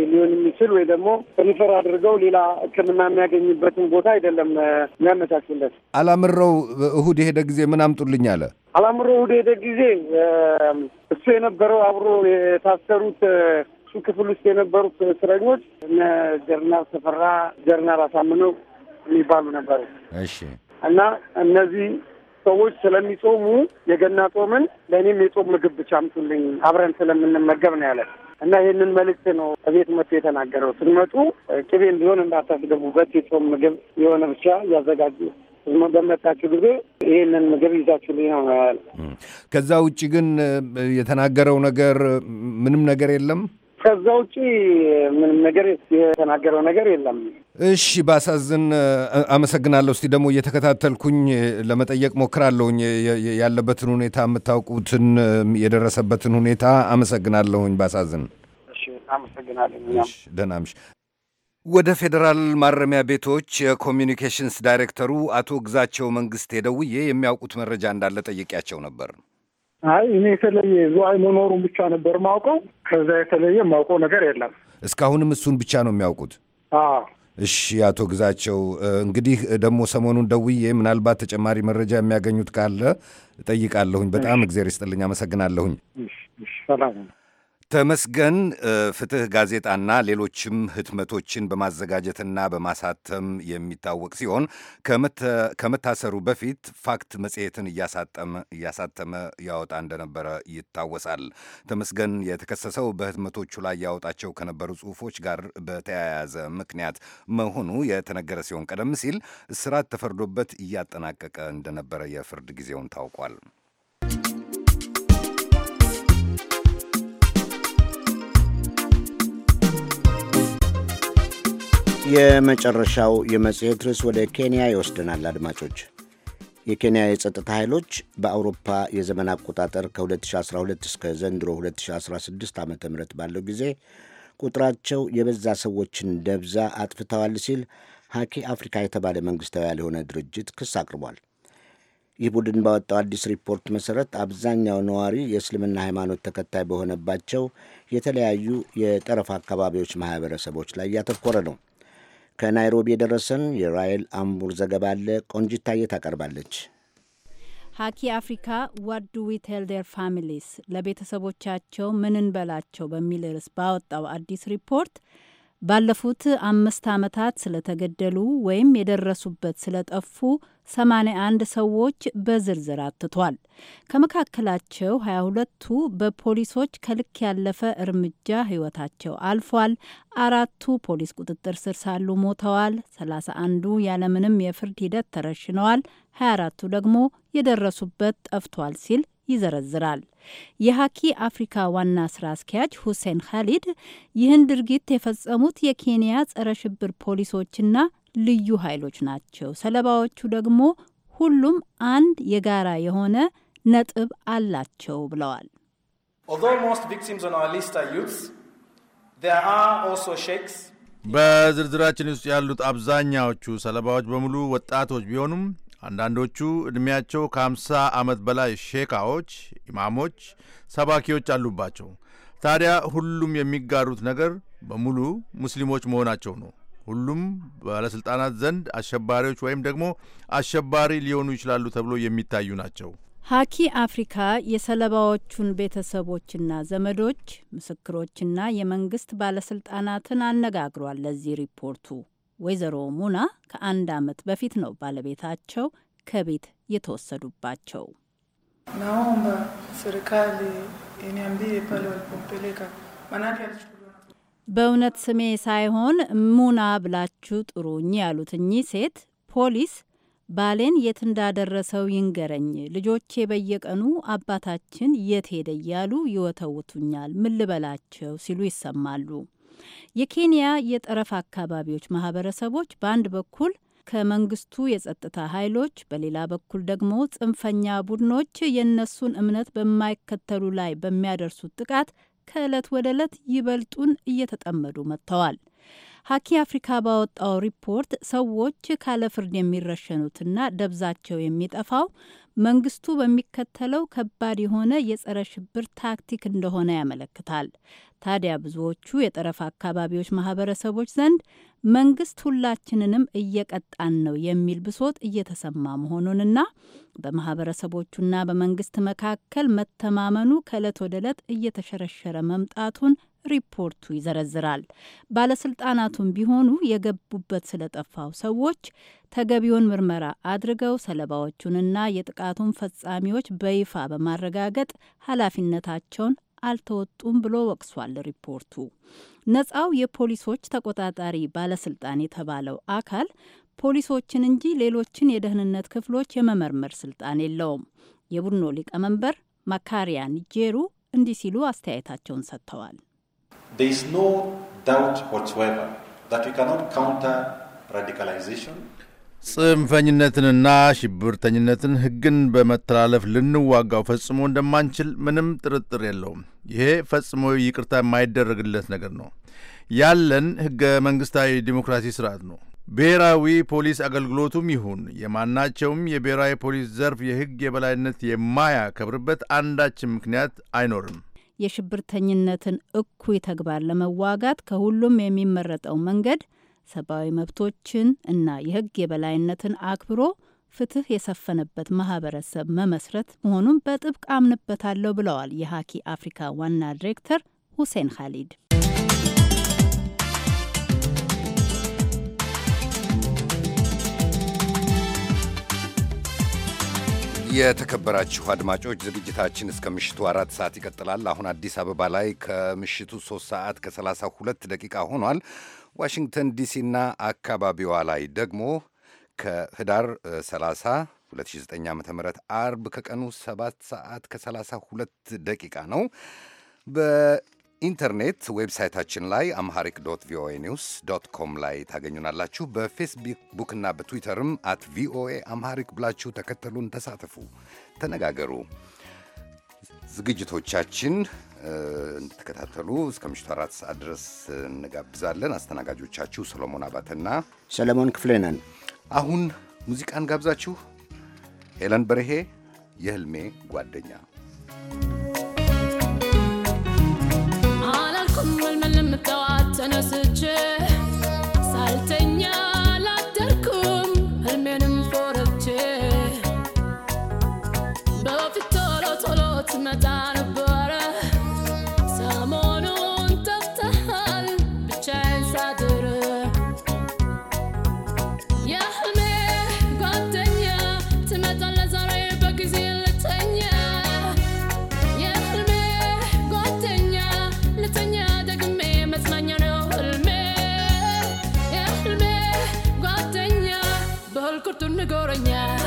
ሊሆን የሚችል ወይ ደግሞ ሪፈር አድርገው ሌላ ህክምና የሚያገኝበትን ቦታ አይደለም የሚያመቻችለት። አላምረው እሁድ የሄደ ጊዜ ምን አምጡልኝ አለ። አላምረው እሁድ የሄደ ጊዜ እሱ የነበረው አብሮ የታሰሩት እሱ ክፍል ውስጥ የነበሩት እስረኞች እነ ጀርናል ተፈራ፣ ጀርናል አሳምነው የሚባሉ ነበሩ። እሺ። እና እነዚህ ሰዎች ስለሚጾሙ የገና ጾምን ለእኔም የጾም ምግብ ብቻ አምጡልኝ አብረን ስለምንመገብ ነው ያለ እና ይህንን መልእክት ነው እቤት መጥቶ የተናገረው። ስንመጡ ቅቤም ቢሆን እንዳታስገቡበት የጾም ምግብ የሆነ ብቻ እያዘጋጁ በመጣችሁ ጊዜ ይህንን ምግብ ይዛችሁልኝ ነው ያለ። ከዛ ውጭ ግን የተናገረው ነገር ምንም ነገር የለም። ከዛ ውጪ ምንም ነገር የተናገረው ነገር የለም። እሺ ባሳዝን አመሰግናለሁ። እስቲ ደግሞ እየተከታተልኩኝ ለመጠየቅ ሞክራለሁኝ ያለበትን ሁኔታ የምታውቁትን የደረሰበትን ሁኔታ አመሰግናለሁኝ። ባሳዝን አመሰግናለሁ። ደህና እምሽ። ወደ ፌዴራል ማረሚያ ቤቶች የኮሚኒኬሽንስ ዳይሬክተሩ አቶ ግዛቸው መንግስት ደውዬ የሚያውቁት መረጃ እንዳለ ጠይቄያቸው ነበር። አይ እኔ የተለየ ዝዋይ መኖሩን ብቻ ነበር ማውቀው። ከዛ የተለየ ማውቀው ነገር የለም። እስካሁንም እሱን ብቻ ነው የሚያውቁት። እሺ፣ አቶ ግዛቸው እንግዲህ ደግሞ ሰሞኑን ደውዬ ምናልባት ተጨማሪ መረጃ የሚያገኙት ካለ ጠይቃለሁኝ። በጣም እግዜር ይስጥልኝ፣ አመሰግናለሁኝ። ሰላም ተመስገን ፍትህ ጋዜጣና ሌሎችም ህትመቶችን በማዘጋጀትና በማሳተም የሚታወቅ ሲሆን ከመታሰሩ በፊት ፋክት መጽሔትን እያሳተመ ያወጣ እንደነበረ ይታወሳል። ተመስገን የተከሰሰው በህትመቶቹ ላይ ያወጣቸው ከነበሩ ጽሁፎች ጋር በተያያዘ ምክንያት መሆኑ የተነገረ ሲሆን ቀደም ሲል እስራት ተፈርዶበት እያጠናቀቀ እንደነበረ የፍርድ ጊዜውን ታውቋል። የመጨረሻው የመጽሔት ርዕስ ወደ ኬንያ ይወስደናል። አድማጮች፣ የኬንያ የጸጥታ ኃይሎች በአውሮፓ የዘመን አቆጣጠር ከ2012 እስከ ዘንድሮ 2016 ዓ ም ባለው ጊዜ ቁጥራቸው የበዛ ሰዎችን ደብዛ አጥፍተዋል ሲል ሀኪ አፍሪካ የተባለ መንግሥታዊ ያልሆነ ድርጅት ክስ አቅርቧል። ይህ ቡድን ባወጣው አዲስ ሪፖርት መሠረት አብዛኛው ነዋሪ የእስልምና ሃይማኖት ተከታይ በሆነባቸው የተለያዩ የጠረፍ አካባቢዎች ማህበረሰቦች ላይ እያተኮረ ነው። ከናይሮቢ የደረሰን የራይል አምቡር ዘገባ አለ። ቆንጅታዬ ታቀርባለች። ሀኪ አፍሪካ ዋት ዱ ዊ ቴል ዴር ፋሚሊስ ለቤተሰቦቻቸው ምን እንበላቸው በሚል ርዕስ ባወጣው አዲስ ሪፖርት ባለፉት አምስት ዓመታት ስለተገደሉ ወይም የደረሱበት ስለጠፉ 81 ሰዎች በዝርዝር አትቷል። ከመካከላቸው 22ቱ በፖሊሶች ከልክ ያለፈ እርምጃ ሕይወታቸው አልፏል። አራቱ ፖሊስ ቁጥጥር ስር ሳሉ ሞተዋል። 31ንዱ ያለምንም የፍርድ ሂደት ተረሽነዋል። 24ቱ ደግሞ የደረሱበት ጠፍቷል ሲል ይዘረዝራል። የሀኪ አፍሪካ ዋና ስራ አስኪያጅ ሁሴን ካሊድ ይህን ድርጊት የፈጸሙት የኬንያ ጸረ ሽብር ፖሊሶችና ልዩ ኃይሎች ናቸው። ሰለባዎቹ ደግሞ ሁሉም አንድ የጋራ የሆነ ነጥብ አላቸው ብለዋል። በዝርዝራችን ውስጥ ያሉት አብዛኛዎቹ ሰለባዎች በሙሉ ወጣቶች ቢሆኑም አንዳንዶቹ ዕድሜያቸው ከ50 ዓመት በላይ ሼካዎች፣ ኢማሞች፣ ሰባኪዎች አሉባቸው። ታዲያ ሁሉም የሚጋሩት ነገር በሙሉ ሙስሊሞች መሆናቸው ነው። ሁሉም ባለሥልጣናት ዘንድ አሸባሪዎች ወይም ደግሞ አሸባሪ ሊሆኑ ይችላሉ ተብሎ የሚታዩ ናቸው። ሀኪ አፍሪካ የሰለባዎቹን ቤተሰቦችና ዘመዶች ምስክሮችና የመንግስት ባለስልጣናትን አነጋግሯል። ለዚህ ሪፖርቱ ወይዘሮ ሙና ከአንድ ዓመት በፊት ነው ባለቤታቸው ከቤት የተወሰዱባቸው። በእውነት ስሜ ሳይሆን ሙና ብላችሁ ጥሩኝ ያሉት እኚህ ሴት ፖሊስ ባሌን የት እንዳደረሰው ይንገረኝ፣ ልጆቼ በየቀኑ አባታችን የት ሄደ እያሉ ይወተውቱኛል፣ ምን ልበላቸው ሲሉ ይሰማሉ። የኬንያ የጠረፍ አካባቢዎች ማህበረሰቦች በአንድ በኩል ከመንግስቱ የጸጥታ ኃይሎች በሌላ በኩል ደግሞ ጽንፈኛ ቡድኖች የእነሱን እምነት በማይከተሉ ላይ በሚያደርሱት ጥቃት ከዕለት ወደ ዕለት ይበልጡን እየተጠመዱ መጥተዋል። ሀኪ አፍሪካ ባወጣው ሪፖርት ሰዎች ካለ ፍርድ የሚረሸኑትና ደብዛቸው የሚጠፋው መንግስቱ በሚከተለው ከባድ የሆነ የጸረ ሽብር ታክቲክ እንደሆነ ያመለክታል። ታዲያ ብዙዎቹ የጠረፍ አካባቢዎች ማህበረሰቦች ዘንድ መንግስት ሁላችንንም እየቀጣን ነው የሚል ብሶት እየተሰማ መሆኑንና በማህበረሰቦቹና በመንግስት መካከል መተማመኑ ከእለት ወደ ዕለት እየተሸረሸረ መምጣቱን ሪፖርቱ ይዘረዝራል። ባለስልጣናቱም ቢሆኑ የገቡበት ስለጠፋው ሰዎች ተገቢውን ምርመራ አድርገው ሰለባዎቹንና የጥቃቱን ፈጻሚዎች በይፋ በማረጋገጥ ኃላፊነታቸውን አልተወጡም ብሎ ወቅሷል። ሪፖርቱ ነፃው የፖሊሶች ተቆጣጣሪ ባለስልጣን የተባለው አካል ፖሊሶችን እንጂ ሌሎችን የደህንነት ክፍሎች የመመርመር ስልጣን የለውም። የቡድኑ ሊቀመንበር ማካሪያን ጄሩ እንዲህ ሲሉ አስተያየታቸውን ሰጥተዋል። there is no doubt whatsoever that we cannot counter radicalization ጽንፈኝነትንና ሽብርተኝነትን ሕግን በመተላለፍ ልንዋጋው ፈጽሞ እንደማንችል ምንም ጥርጥር የለውም። ይሄ ፈጽሞ ይቅርታ የማይደረግለት ነገር ነው። ያለን ሕገ መንግሥታዊ ዲሞክራሲ ስርዓት ነው። ብሔራዊ ፖሊስ አገልግሎቱም ይሁን የማናቸውም የብሔራዊ ፖሊስ ዘርፍ የሕግ የበላይነት የማያከብርበት አንዳችን ምክንያት አይኖርም። የሽብርተኝነትን እኩይ ተግባር ለመዋጋት ከሁሉም የሚመረጠው መንገድ ሰብአዊ መብቶችን እና የሕግ የበላይነትን አክብሮ ፍትህ የሰፈነበት ማህበረሰብ መመስረት መሆኑን በጥብቅ አምንበታለሁ ብለዋል የሀኪ አፍሪካ ዋና ዲሬክተር ሁሴን ካሊድ። የተከበራችሁ አድማጮች ዝግጅታችን እስከ ምሽቱ አራት ሰዓት ይቀጥላል። አሁን አዲስ አበባ ላይ ከምሽቱ ሶስት ሰዓት ከሰላሳ ሁለት ደቂቃ ሆኗል። ዋሽንግተን ዲሲና አካባቢዋ ላይ ደግሞ ከህዳር 30 2009 ዓ ም አርብ ከቀኑ 7 ሰዓት ከ32 ደቂቃ ነው። ኢንተርኔት ዌብሳይታችን ላይ አምሃሪክ ዶት ቪኦኤ ኒውስ ዶት ኮም ላይ ታገኙናላችሁ። በፌስቡክና በትዊተርም አት ቪኦኤ አምሃሪክ ብላችሁ ተከተሉን፣ ተሳተፉ፣ ተነጋገሩ። ዝግጅቶቻችን እንድትከታተሉ እስከ ምሽቱ አራት ሰዓት ድረስ እንጋብዛለን። አስተናጋጆቻችሁ ሰሎሞን አባተና ሰለሞን ክፍሌ ነን። አሁን ሙዚቃን ጋብዛችሁ ሄለን በርሄ የህልሜ ጓደኛ turn us Yeah.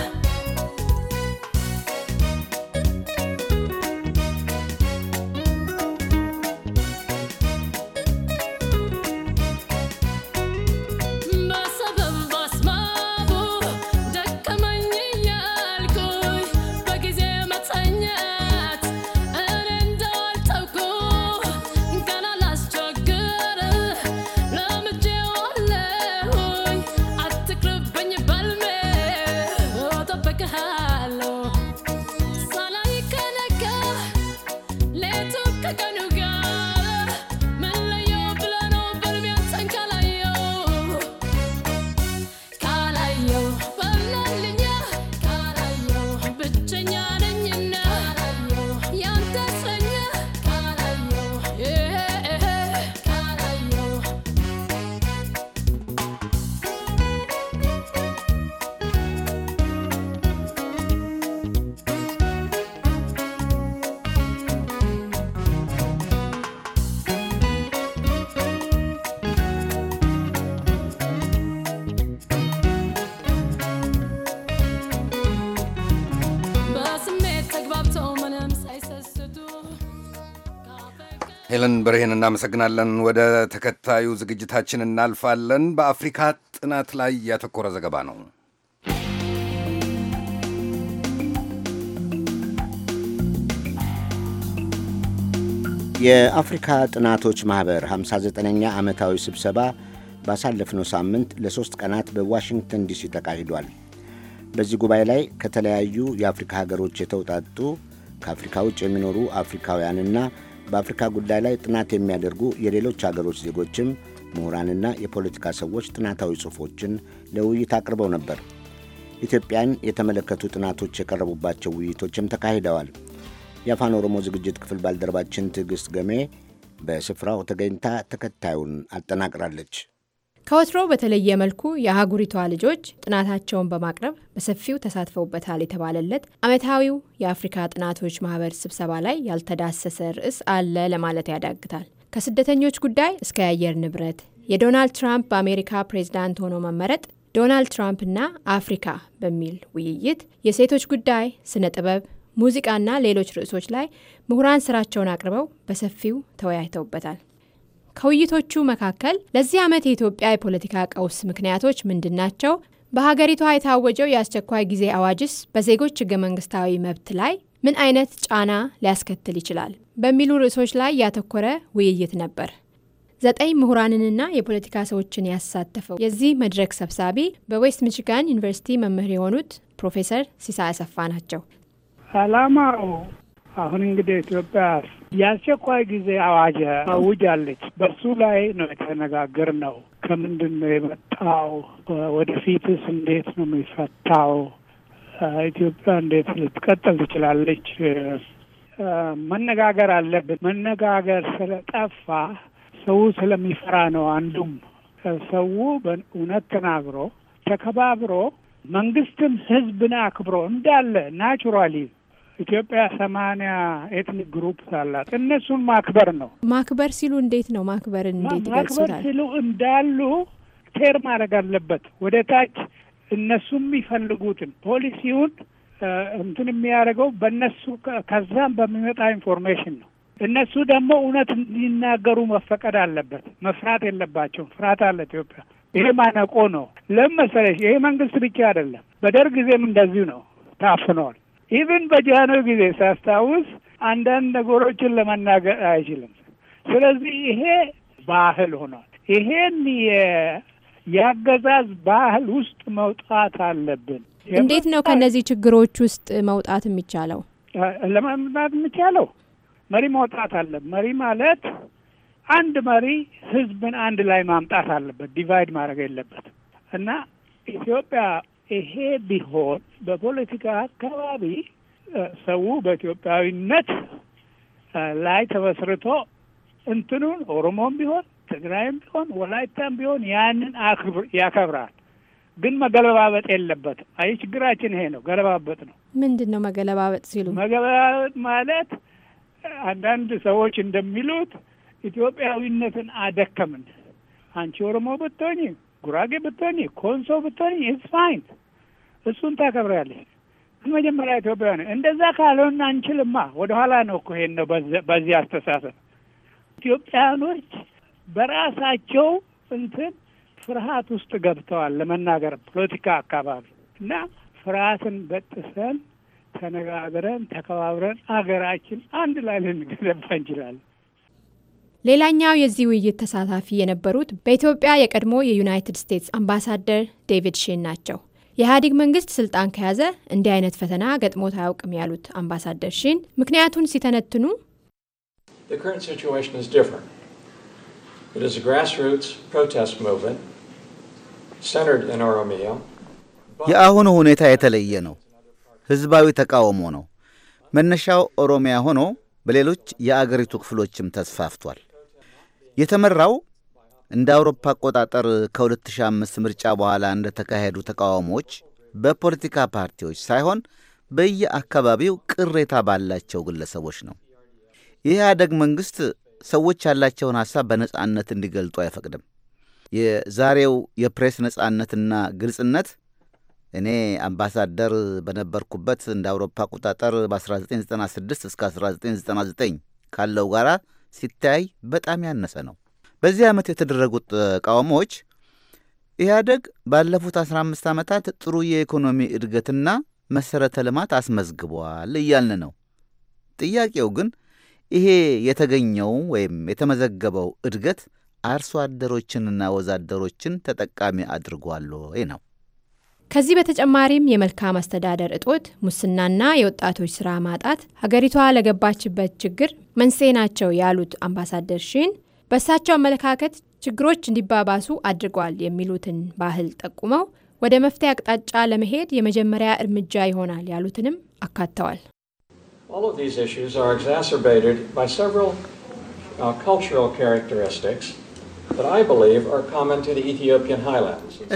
ሄለን በርሄን እናመሰግናለን። ወደ ተከታዩ ዝግጅታችን እናልፋለን። በአፍሪካ ጥናት ላይ ያተኮረ ዘገባ ነው። የአፍሪካ ጥናቶች ማኅበር 59ኛ ዓመታዊ ስብሰባ ባሳለፍነው ሳምንት ለሦስት ቀናት በዋሽንግተን ዲሲ ተካሂዷል። በዚህ ጉባኤ ላይ ከተለያዩ የአፍሪካ ሀገሮች የተውጣጡ ከአፍሪካ ውጭ የሚኖሩ አፍሪካውያንና በአፍሪካ ጉዳይ ላይ ጥናት የሚያደርጉ የሌሎች አገሮች ዜጎችም ምሁራንና የፖለቲካ ሰዎች ጥናታዊ ጽሑፎችን ለውይይት አቅርበው ነበር። ኢትዮጵያን የተመለከቱ ጥናቶች የቀረቡባቸው ውይይቶችም ተካሂደዋል። የአፋን ኦሮሞ ዝግጅት ክፍል ባልደረባችን ትዕግሥት ገሜ በስፍራው ተገኝታ ተከታዩን አጠናቅራለች። ከወትሮ በተለየ መልኩ የአህጉሪቷ ልጆች ጥናታቸውን በማቅረብ በሰፊው ተሳትፈውበታል የተባለለት ዓመታዊው የአፍሪካ ጥናቶች ማህበር ስብሰባ ላይ ያልተዳሰሰ ርዕስ አለ ለማለት ያዳግታል። ከስደተኞች ጉዳይ እስከ የአየር ንብረት፣ የዶናልድ ትራምፕ በአሜሪካ ፕሬዝዳንት ሆኖ መመረጥ፣ ዶናልድ ትራምፕና አፍሪካ በሚል ውይይት፣ የሴቶች ጉዳይ፣ ስነ ጥበብ ሙዚቃና ሌሎች ርዕሶች ላይ ምሁራን ስራቸውን አቅርበው በሰፊው ተወያይተውበታል። ከውይይቶቹ መካከል ለዚህ ዓመት የኢትዮጵያ የፖለቲካ ቀውስ ምክንያቶች ምንድን ናቸው? በሀገሪቷ የታወጀው የአስቸኳይ ጊዜ አዋጅስ በዜጎች ህገ መንግስታዊ መብት ላይ ምን አይነት ጫና ሊያስከትል ይችላል? በሚሉ ርዕሶች ላይ ያተኮረ ውይይት ነበር። ዘጠኝ ምሁራንንና የፖለቲካ ሰዎችን ያሳተፈው የዚህ መድረክ ሰብሳቢ በዌስት ሚችጋን ዩኒቨርሲቲ መምህር የሆኑት ፕሮፌሰር ሲሳይ አሰፋ ናቸው። አላማው አሁን እንግዲህ ኢትዮጵያ የአስቸኳይ ጊዜ አዋጅ አውጃለች። በሱ ላይ ነው ነው። ከምንድን ነው የመጣው? ወደፊትስ እንዴት ነው የሚፈታው? ኢትዮጵያ እንዴት ልትቀጥል ትችላለች? መነጋገር አለብን። መነጋገር ስለጠፋ ሰው ስለሚፈራ ነው። አንዱም ሰው በእውነት ተናግሮ ተከባብሮ መንግስትም ህዝብን አክብሮ እንዳለ ናቹራሊ ኢትዮጵያ ሰማንያ ኤትኒክ ግሩፕ አላት። እነሱን ማክበር ነው። ማክበር ሲሉ እንዴት ነው ማክበር እንዴት ማክበር ሲሉ እንዳሉ ቴር ማድረግ አለበት ወደ ታች እነሱ የሚፈልጉትን ፖሊሲውን እንትን የሚያደርገው በእነሱ ከዛም በሚመጣ ኢንፎርሜሽን ነው። እነሱ ደግሞ እውነት እንዲናገሩ መፈቀድ አለበት። መፍራት የለባቸውም። ፍርሃት አለ ኢትዮጵያ። ይሄ ማነቆ ነው። ለምን መሰለሽ? ይሄ መንግስት ብቻ አይደለም፣ በደርግ ጊዜም እንደዚሁ ነው። ታፍነዋል። ኢቭን በጃኖ ጊዜ ሳስታውስ አንዳንድ ነገሮችን ለመናገር አይችልም። ስለዚህ ይሄ ባህል ሆኗል። ይሄን የአገዛዝ ባህል ውስጥ መውጣት አለብን። እንዴት ነው ከእነዚህ ችግሮች ውስጥ መውጣት የሚቻለው? ለመምጣት የሚቻለው መሪ መውጣት አለብን። መሪ ማለት አንድ መሪ ህዝብን አንድ ላይ ማምጣት አለበት፣ ዲቫይድ ማድረግ የለበት እና ኢትዮጵያ ይሄ ቢሆን በፖለቲካ አካባቢ ሰው በኢትዮጵያዊነት ላይ ተመስርቶ እንትኑን ኦሮሞም ቢሆን ትግራይም ቢሆን ወላይታም ቢሆን ያንን ያከብራል። ግን መገለባበጥ የለበትም። አይ ችግራችን ይሄ ነው፣ ገለባበጥ ነው። ምንድን ነው መገለባበጥ ሲሉ? መገለባበጥ ማለት አንዳንድ ሰዎች እንደሚሉት ኢትዮጵያዊነትን አደከምን። አንቺ ኦሮሞ ብትሆኝ ጉራጌ ብትሆኝ፣ ኮንሶ ብትሆኝ ኢትስ ፋይን፣ እሱን ታከብራለች። መጀመሪያ ኢትዮጵያ ነው። እንደዛ ካልሆን አንችልማ። ወደኋላ ነው እኮ ይሄን ነው በዚህ አስተሳሰብ ኢትዮጵያኖች በራሳቸው እንትን ፍርሃት ውስጥ ገብተዋል ለመናገር ፖለቲካ አካባቢ እና ፍርሃትን በጥሰን ተነጋግረን ተከባብረን ሀገራችን አንድ ላይ ልንገነባ እንችላለን። ሌላኛው የዚህ ውይይት ተሳታፊ የነበሩት በኢትዮጵያ የቀድሞ የዩናይትድ ስቴትስ አምባሳደር ዴቪድ ሼን ናቸው። የኢህአዴግ መንግስት ስልጣን ከያዘ እንዲህ አይነት ፈተና ገጥሞት አያውቅም ያሉት አምባሳደር ሺን ምክንያቱን ሲተነትኑ የአሁኑ ሁኔታ የተለየ ነው። ህዝባዊ ተቃውሞ ነው። መነሻው ኦሮሚያ ሆኖ በሌሎች የአገሪቱ ክፍሎችም ተስፋፍቷል። የተመራው እንደ አውሮፓ አቆጣጠር ከ2005 ምርጫ በኋላ እንደተካሄዱ ተቃውሞዎች በፖለቲካ ፓርቲዎች ሳይሆን በየአካባቢው ቅሬታ ባላቸው ግለሰቦች ነው። የኢህአደግ መንግሥት ሰዎች ያላቸውን ሐሳብ በነጻነት እንዲገልጡ አይፈቅድም። የዛሬው የፕሬስ ነጻነትና ግልጽነት እኔ አምባሳደር በነበርኩበት እንደ አውሮፓ አቆጣጠር በ1996 እስከ 1999 ካለው ጋራ ሲታይ በጣም ያነሰ ነው። በዚህ ዓመት የተደረጉት ተቃውሞዎች ኢህአደግ ባለፉት 15 ዓመታት ጥሩ የኢኮኖሚ እድገትና መሠረተ ልማት አስመዝግቧል እያልን ነው። ጥያቄው ግን ይሄ የተገኘው ወይም የተመዘገበው እድገት አርሶ አደሮችንና ወዛደሮችን ተጠቃሚ አድርጓል ወይ ነው። ከዚህ በተጨማሪም የመልካም አስተዳደር እጦት፣ ሙስናና የወጣቶች ስራ ማጣት ሀገሪቷ ለገባችበት ችግር መንስኤ ናቸው ያሉት አምባሳደር ሺን በእሳቸው አመለካከት ችግሮች እንዲባባሱ አድርጓል የሚሉትን ባህል ጠቁመው ወደ መፍትሄ አቅጣጫ ለመሄድ የመጀመሪያ እርምጃ ይሆናል ያሉትንም አካተዋል። All of these issues are exacerbated by several uh, cultural characteristics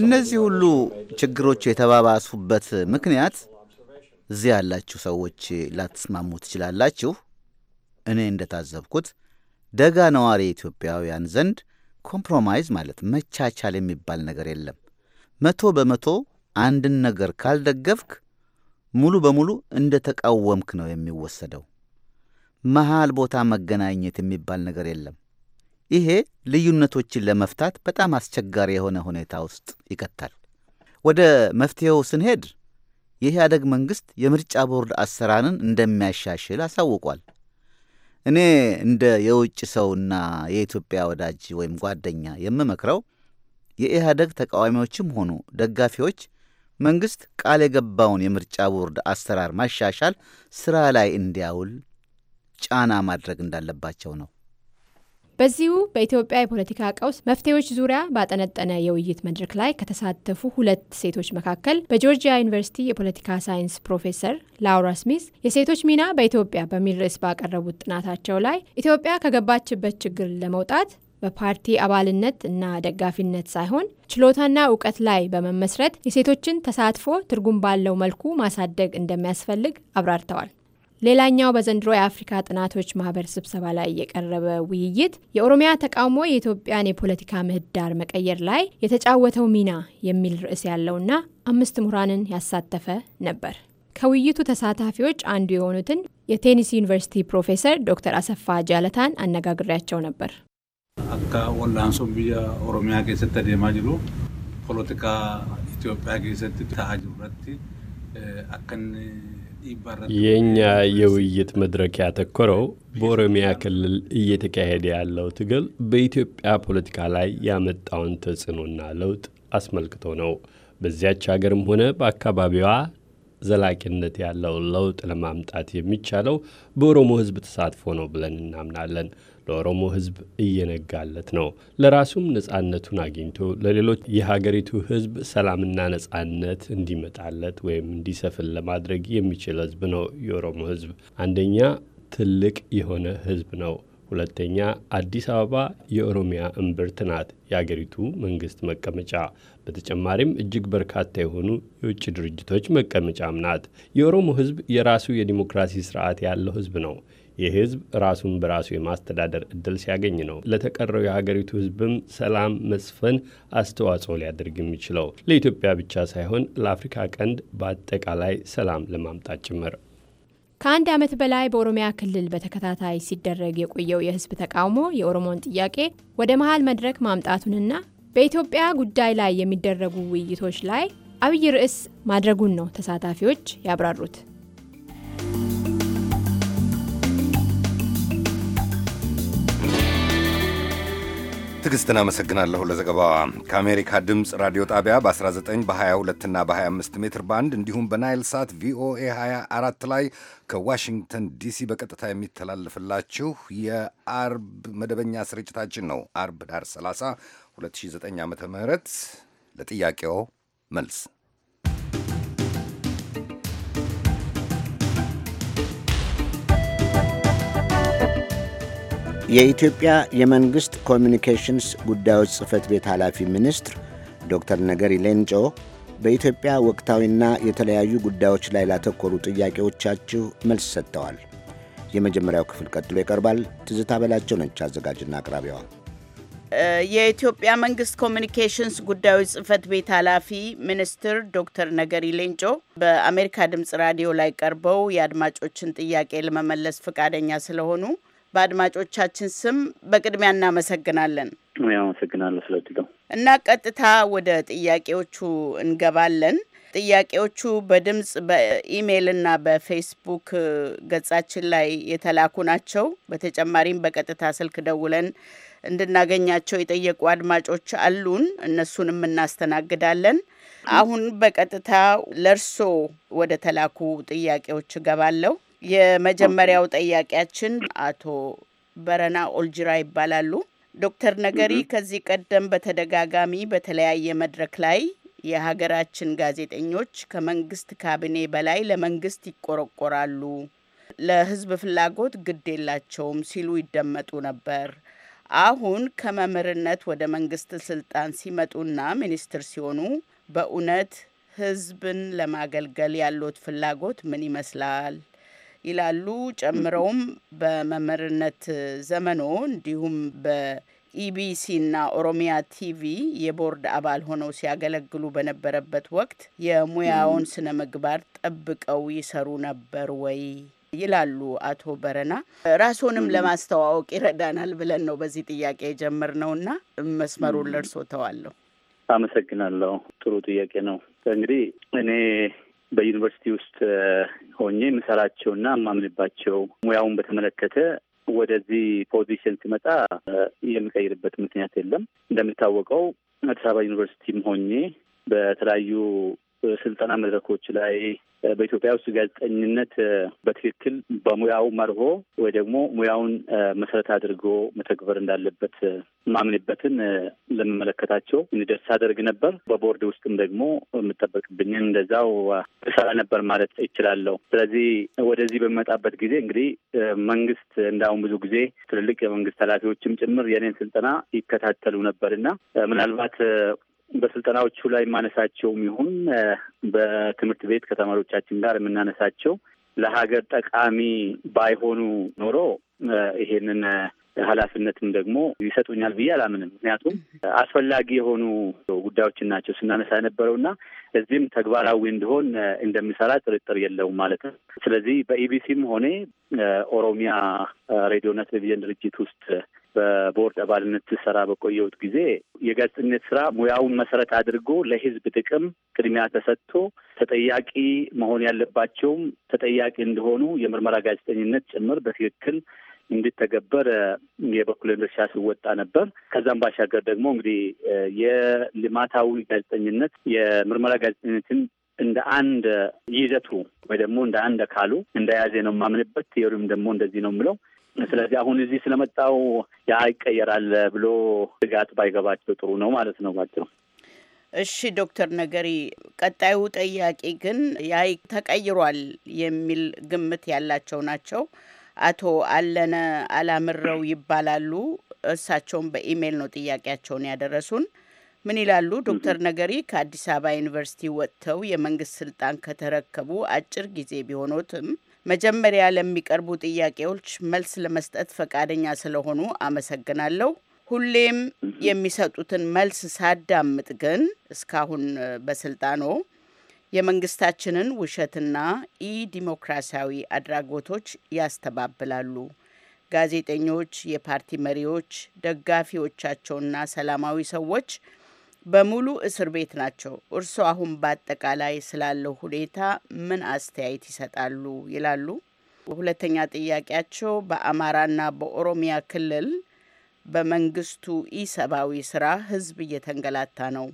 እነዚህ ሁሉ ችግሮች የተባባሱበት ምክንያት እዚህ ያላችሁ ሰዎች ላትስማሙ ትችላላችሁ። እኔ እንደታዘብኩት ደጋ ነዋሪ ኢትዮጵያውያን ዘንድ ኮምፕሮማይዝ ማለት መቻቻል የሚባል ነገር የለም። መቶ በመቶ አንድን ነገር ካልደገፍክ ሙሉ በሙሉ እንደ ተቃወምክ ነው የሚወሰደው። መሃል ቦታ መገናኘት የሚባል ነገር የለም። ይሄ ልዩነቶችን ለመፍታት በጣም አስቸጋሪ የሆነ ሁኔታ ውስጥ ይከታል። ወደ መፍትሔው ስንሄድ የኢህአደግ መንግሥት የምርጫ ቦርድ አሰራርን እንደሚያሻሽል አሳውቋል። እኔ እንደ የውጭ ሰውና የኢትዮጵያ ወዳጅ ወይም ጓደኛ የምመክረው የኢህአደግ ተቃዋሚዎችም ሆኑ ደጋፊዎች መንግሥት ቃል የገባውን የምርጫ ቦርድ አሰራር ማሻሻል ሥራ ላይ እንዲያውል ጫና ማድረግ እንዳለባቸው ነው። በዚሁ በኢትዮጵያ የፖለቲካ ቀውስ መፍትሄዎች ዙሪያ ባጠነጠነ የውይይት መድረክ ላይ ከተሳተፉ ሁለት ሴቶች መካከል በጆርጂያ ዩኒቨርሲቲ የፖለቲካ ሳይንስ ፕሮፌሰር ላውራ ስሚዝ የሴቶች ሚና በኢትዮጵያ በሚል ርዕስ ባቀረቡት ጥናታቸው ላይ ኢትዮጵያ ከገባችበት ችግር ለመውጣት በፓርቲ አባልነት እና ደጋፊነት ሳይሆን ችሎታና እውቀት ላይ በመመስረት የሴቶችን ተሳትፎ ትርጉም ባለው መልኩ ማሳደግ እንደሚያስፈልግ አብራርተዋል። ሌላኛው በዘንድሮ የአፍሪካ ጥናቶች ማህበር ስብሰባ ላይ የቀረበ ውይይት የኦሮሚያ ተቃውሞ የኢትዮጵያን የፖለቲካ ምህዳር መቀየር ላይ የተጫወተው ሚና የሚል ርዕስ ያለውና አምስት ምሁራንን ያሳተፈ ነበር። ከውይይቱ ተሳታፊዎች አንዱ የሆኑትን የቴኒስ ዩኒቨርሲቲ ፕሮፌሰር ዶክተር አሰፋ ጃለታን አነጋግሬያቸው ነበር። አካ ወላንሶ ብያ ኦሮሚያ ጌሰተ ደማ ጅሩ ፖለቲካ ኢትዮጵያ ጌሰት ታጅ ረቲ አከን የእኛ የውይይት መድረክ ያተኮረው በኦሮሚያ ክልል እየተካሄደ ያለው ትግል በኢትዮጵያ ፖለቲካ ላይ ያመጣውን ተጽዕኖና ለውጥ አስመልክቶ ነው። በዚያች ሀገርም ሆነ በአካባቢዋ ዘላቂነት ያለው ለውጥ ለማምጣት የሚቻለው በኦሮሞ ሕዝብ ተሳትፎ ነው ብለን እናምናለን። ለኦሮሞ ሕዝብ እየነጋለት ነው። ለራሱም ነጻነቱን አግኝቶ ለሌሎች የሀገሪቱ ሕዝብ ሰላምና ነጻነት እንዲመጣለት ወይም እንዲሰፍን ለማድረግ የሚችል ሕዝብ ነው የኦሮሞ ሕዝብ። አንደኛ ትልቅ የሆነ ሕዝብ ነው። ሁለተኛ አዲስ አበባ የኦሮሚያ እምብርት ናት፣ የአገሪቱ መንግስት መቀመጫ። በተጨማሪም እጅግ በርካታ የሆኑ የውጭ ድርጅቶች መቀመጫም ናት። የኦሮሞ ህዝብ የራሱ የዲሞክራሲ ስርዓት ያለው ህዝብ ነው። ይህ ህዝብ ራሱን በራሱ የማስተዳደር እድል ሲያገኝ ነው ለተቀረው የሀገሪቱ ህዝብም ሰላም መስፈን አስተዋጽኦ ሊያደርግ የሚችለው ለኢትዮጵያ ብቻ ሳይሆን ለአፍሪካ ቀንድ በአጠቃላይ ሰላም ለማምጣት ጭምር። ከአንድ ዓመት በላይ በኦሮሚያ ክልል በተከታታይ ሲደረግ የቆየው የህዝብ ተቃውሞ የኦሮሞን ጥያቄ ወደ መሀል መድረክ ማምጣቱንና በኢትዮጵያ ጉዳይ ላይ የሚደረጉ ውይይቶች ላይ አብይ ርዕስ ማድረጉን ነው ተሳታፊዎች ያብራሩት። ትግስትን አመሰግናለሁ ለዘገባዋ። ከአሜሪካ ድምፅ ራዲዮ ጣቢያ በ19 22 እና በ25 ሜትር ባንድ እንዲሁም በናይል ሳት ቪኦኤ 24 ላይ ከዋሽንግተን ዲሲ በቀጥታ የሚተላለፍላችሁ የአርብ መደበኛ ስርጭታችን ነው። አርብ ዳር 30 2009 ዓ ም ለጥያቄው መልስ የኢትዮጵያ የመንግሥት ኮሚኒኬሽንስ ጉዳዮች ጽሕፈት ቤት ኃላፊ ሚኒስትር ዶክተር ነገሪ ሌንጮ በኢትዮጵያ ወቅታዊና የተለያዩ ጉዳዮች ላይ ላተኮሩ ጥያቄዎቻችሁ መልስ ሰጥተዋል። የመጀመሪያው ክፍል ቀጥሎ ይቀርባል። ትዝታ በላቸው ነች አዘጋጅና አቅራቢዋ። የኢትዮጵያ መንግስት ኮሚኒኬሽንስ ጉዳዮች ጽህፈት ቤት ኃላፊ ሚኒስትር ዶክተር ነገሪ ሌንጮ በአሜሪካ ድምጽ ራዲዮ ላይ ቀርበው የአድማጮችን ጥያቄ ለመመለስ ፈቃደኛ ስለሆኑ በአድማጮቻችን ስም በቅድሚያ እናመሰግናለን። አመሰግናለሁ ስለ እና ቀጥታ ወደ ጥያቄዎቹ እንገባለን። ጥያቄዎቹ በድምጽ በኢሜይል እና በፌስቡክ ገጻችን ላይ የተላኩ ናቸው። በተጨማሪም በቀጥታ ስልክ ደውለን እንድናገኛቸው የጠየቁ አድማጮች አሉን። እነሱንም እናስተናግዳለን። አሁን በቀጥታ ለርሶ ወደ ተላኩ ጥያቄዎች እገባለሁ። የመጀመሪያው ጠያቂያችን አቶ በረና ኦልጅራ ይባላሉ። ዶክተር ነገሪ ከዚህ ቀደም በተደጋጋሚ በተለያየ መድረክ ላይ የሀገራችን ጋዜጠኞች ከመንግስት ካቢኔ በላይ ለመንግስት ይቆረቆራሉ፣ ለህዝብ ፍላጎት ግድ የላቸውም ሲሉ ይደመጡ ነበር። አሁን ከመምህርነት ወደ መንግስት ስልጣን ሲመጡና ሚኒስትር ሲሆኑ በእውነት ህዝብን ለማገልገል ያሉት ፍላጎት ምን ይመስላል ይላሉ። ጨምረውም በመምህርነት ዘመኖ እንዲሁም በኢቢሲና ኦሮሚያ ቲቪ የቦርድ አባል ሆነው ሲያገለግሉ በነበረበት ወቅት የሙያውን ስነ ምግባር ጠብቀው ይሰሩ ነበር ወይ ይላሉ አቶ በረና። ራስዎንም ለማስተዋወቅ ይረዳናል ብለን ነው በዚህ ጥያቄ እና መስመሩን ለርሶ ተዋለሁ። አመሰግናለሁ። ጥሩ ጥያቄ ነው። እንግዲህ እኔ በዩኒቨርሲቲ ውስጥ ሆኜ የምሰራቸውና የማምንባቸው ሙያውን በተመለከተ ወደዚህ ፖዚሽን ሲመጣ የምቀይርበት ምክንያት የለም። እንደሚታወቀው አዲስ አበባ ዩኒቨርሲቲም ሆኜ በተለያዩ ስልጠና መድረኮች ላይ በኢትዮጵያ ውስጥ ጋዜጠኝነት በትክክል በሙያው መርሆ ወይ ደግሞ ሙያውን መሰረት አድርጎ መተግበር እንዳለበት ማምንበትን ለመመለከታቸው እንደርስ አደርግ ነበር። በቦርድ ውስጥም ደግሞ የምጠበቅብኝን እንደዛው እሰራ ነበር ማለት ይችላለሁ። ስለዚህ ወደዚህ በሚመጣበት ጊዜ እንግዲህ መንግስት እንዳሁን ብዙ ጊዜ ትልልቅ የመንግስት ኃላፊዎችም ጭምር የኔን ስልጠና ይከታተሉ ነበር እና ምናልባት በስልጠናዎቹ ላይ የማነሳቸውም ይሁን በትምህርት ቤት ከተማሪዎቻችን ጋር የምናነሳቸው ለሀገር ጠቃሚ ባይሆኑ ኖሮ ይሄንን ኃላፊነትም ደግሞ ይሰጡኛል ብዬ አላምንም። ምክንያቱም አስፈላጊ የሆኑ ጉዳዮችን ናቸው ስናነሳ የነበረውና እዚህም ተግባራዊ እንዲሆን እንደሚሰራ ጥርጥር የለውም ማለት ነው። ስለዚህ በኢቢሲም ሆነ ኦሮሚያ ሬዲዮና ቴሌቪዥን ድርጅት ውስጥ በቦርድ አባልነት ስራ በቆየሁት ጊዜ የጋዜጠኝነት ስራ ሙያውን መሰረት አድርጎ ለህዝብ ጥቅም ቅድሚያ ተሰጥቶ ተጠያቂ መሆን ያለባቸውም ተጠያቂ እንደሆኑ የምርመራ ጋዜጠኝነት ጭምር በትክክል እንዲተገበር የበኩሌን ድርሻ ስወጣ ነበር። ከዛም ባሻገር ደግሞ እንግዲህ የልማታዊ ጋዜጠኝነት የምርመራ ጋዜጠኝነትን እንደ አንድ ይዘቱ ወይ ደግሞ እንደ አንድ አካሉ እንደያዘ ነው የማምንበት። ቴዎሪም ደግሞ እንደዚህ ነው የምለው ስለዚህ አሁን እዚህ ስለመጣው ያ ይቀየራል ብሎ ስጋት ባይገባቸው ጥሩ ነው ማለት ነው ባጭሩ። እሺ ዶክተር ነገሪ፣ ቀጣዩ ጠያቂ ግን ያ ተቀይሯል የሚል ግምት ያላቸው ናቸው። አቶ አለነ አላምረው ይባላሉ። እሳቸውም በኢሜይል ነው ጥያቄያቸውን ያደረሱን። ምን ይላሉ ዶክተር ነገሪ? ከአዲስ አበባ ዩኒቨርሲቲ ወጥተው የመንግስት ስልጣን ከተረከቡ አጭር ጊዜ ቢሆኖትም መጀመሪያ ለሚቀርቡ ጥያቄዎች መልስ ለመስጠት ፈቃደኛ ስለሆኑ አመሰግናለሁ። ሁሌም የሚሰጡትን መልስ ሳዳምጥ ግን እስካሁን በስልጣኖ የመንግስታችንን ውሸትና ኢ ዲሞክራሲያዊ አድራጎቶች ያስተባብላሉ። ጋዜጠኞች፣ የፓርቲ መሪዎች፣ ደጋፊዎቻቸውና ሰላማዊ ሰዎች በሙሉ እስር ቤት ናቸው። እርሶ አሁን በአጠቃላይ ስላለው ሁኔታ ምን አስተያየት ይሰጣሉ? ይላሉ። ሁለተኛ ጥያቄያቸው በአማራና በኦሮሚያ ክልል በመንግስቱ ኢሰብአዊ ስራ ህዝብ እየተንገላታ ነው።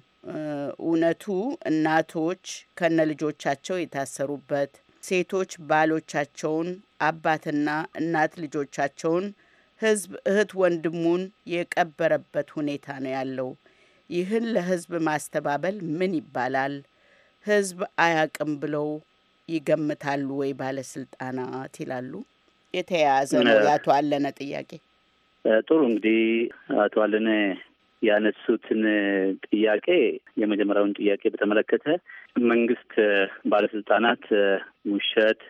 እውነቱ እናቶች ከነ ልጆቻቸው የታሰሩበት፣ ሴቶች ባሎቻቸውን፣ አባትና እናት ልጆቻቸውን፣ ህዝብ እህት ወንድሙን የቀበረበት ሁኔታ ነው ያለው ይህን ለህዝብ ማስተባበል ምን ይባላል? ህዝብ አያቅም ብለው ይገምታሉ ወይ ባለስልጣናት ይላሉ። የተያያዘ ነው የአቶ አለነ ጥያቄ። ጥሩ እንግዲህ አቶ አለነ ያነሱትን ጥያቄ የመጀመሪያውን ጥያቄ በተመለከተ መንግስት፣ ባለስልጣናት ውሸት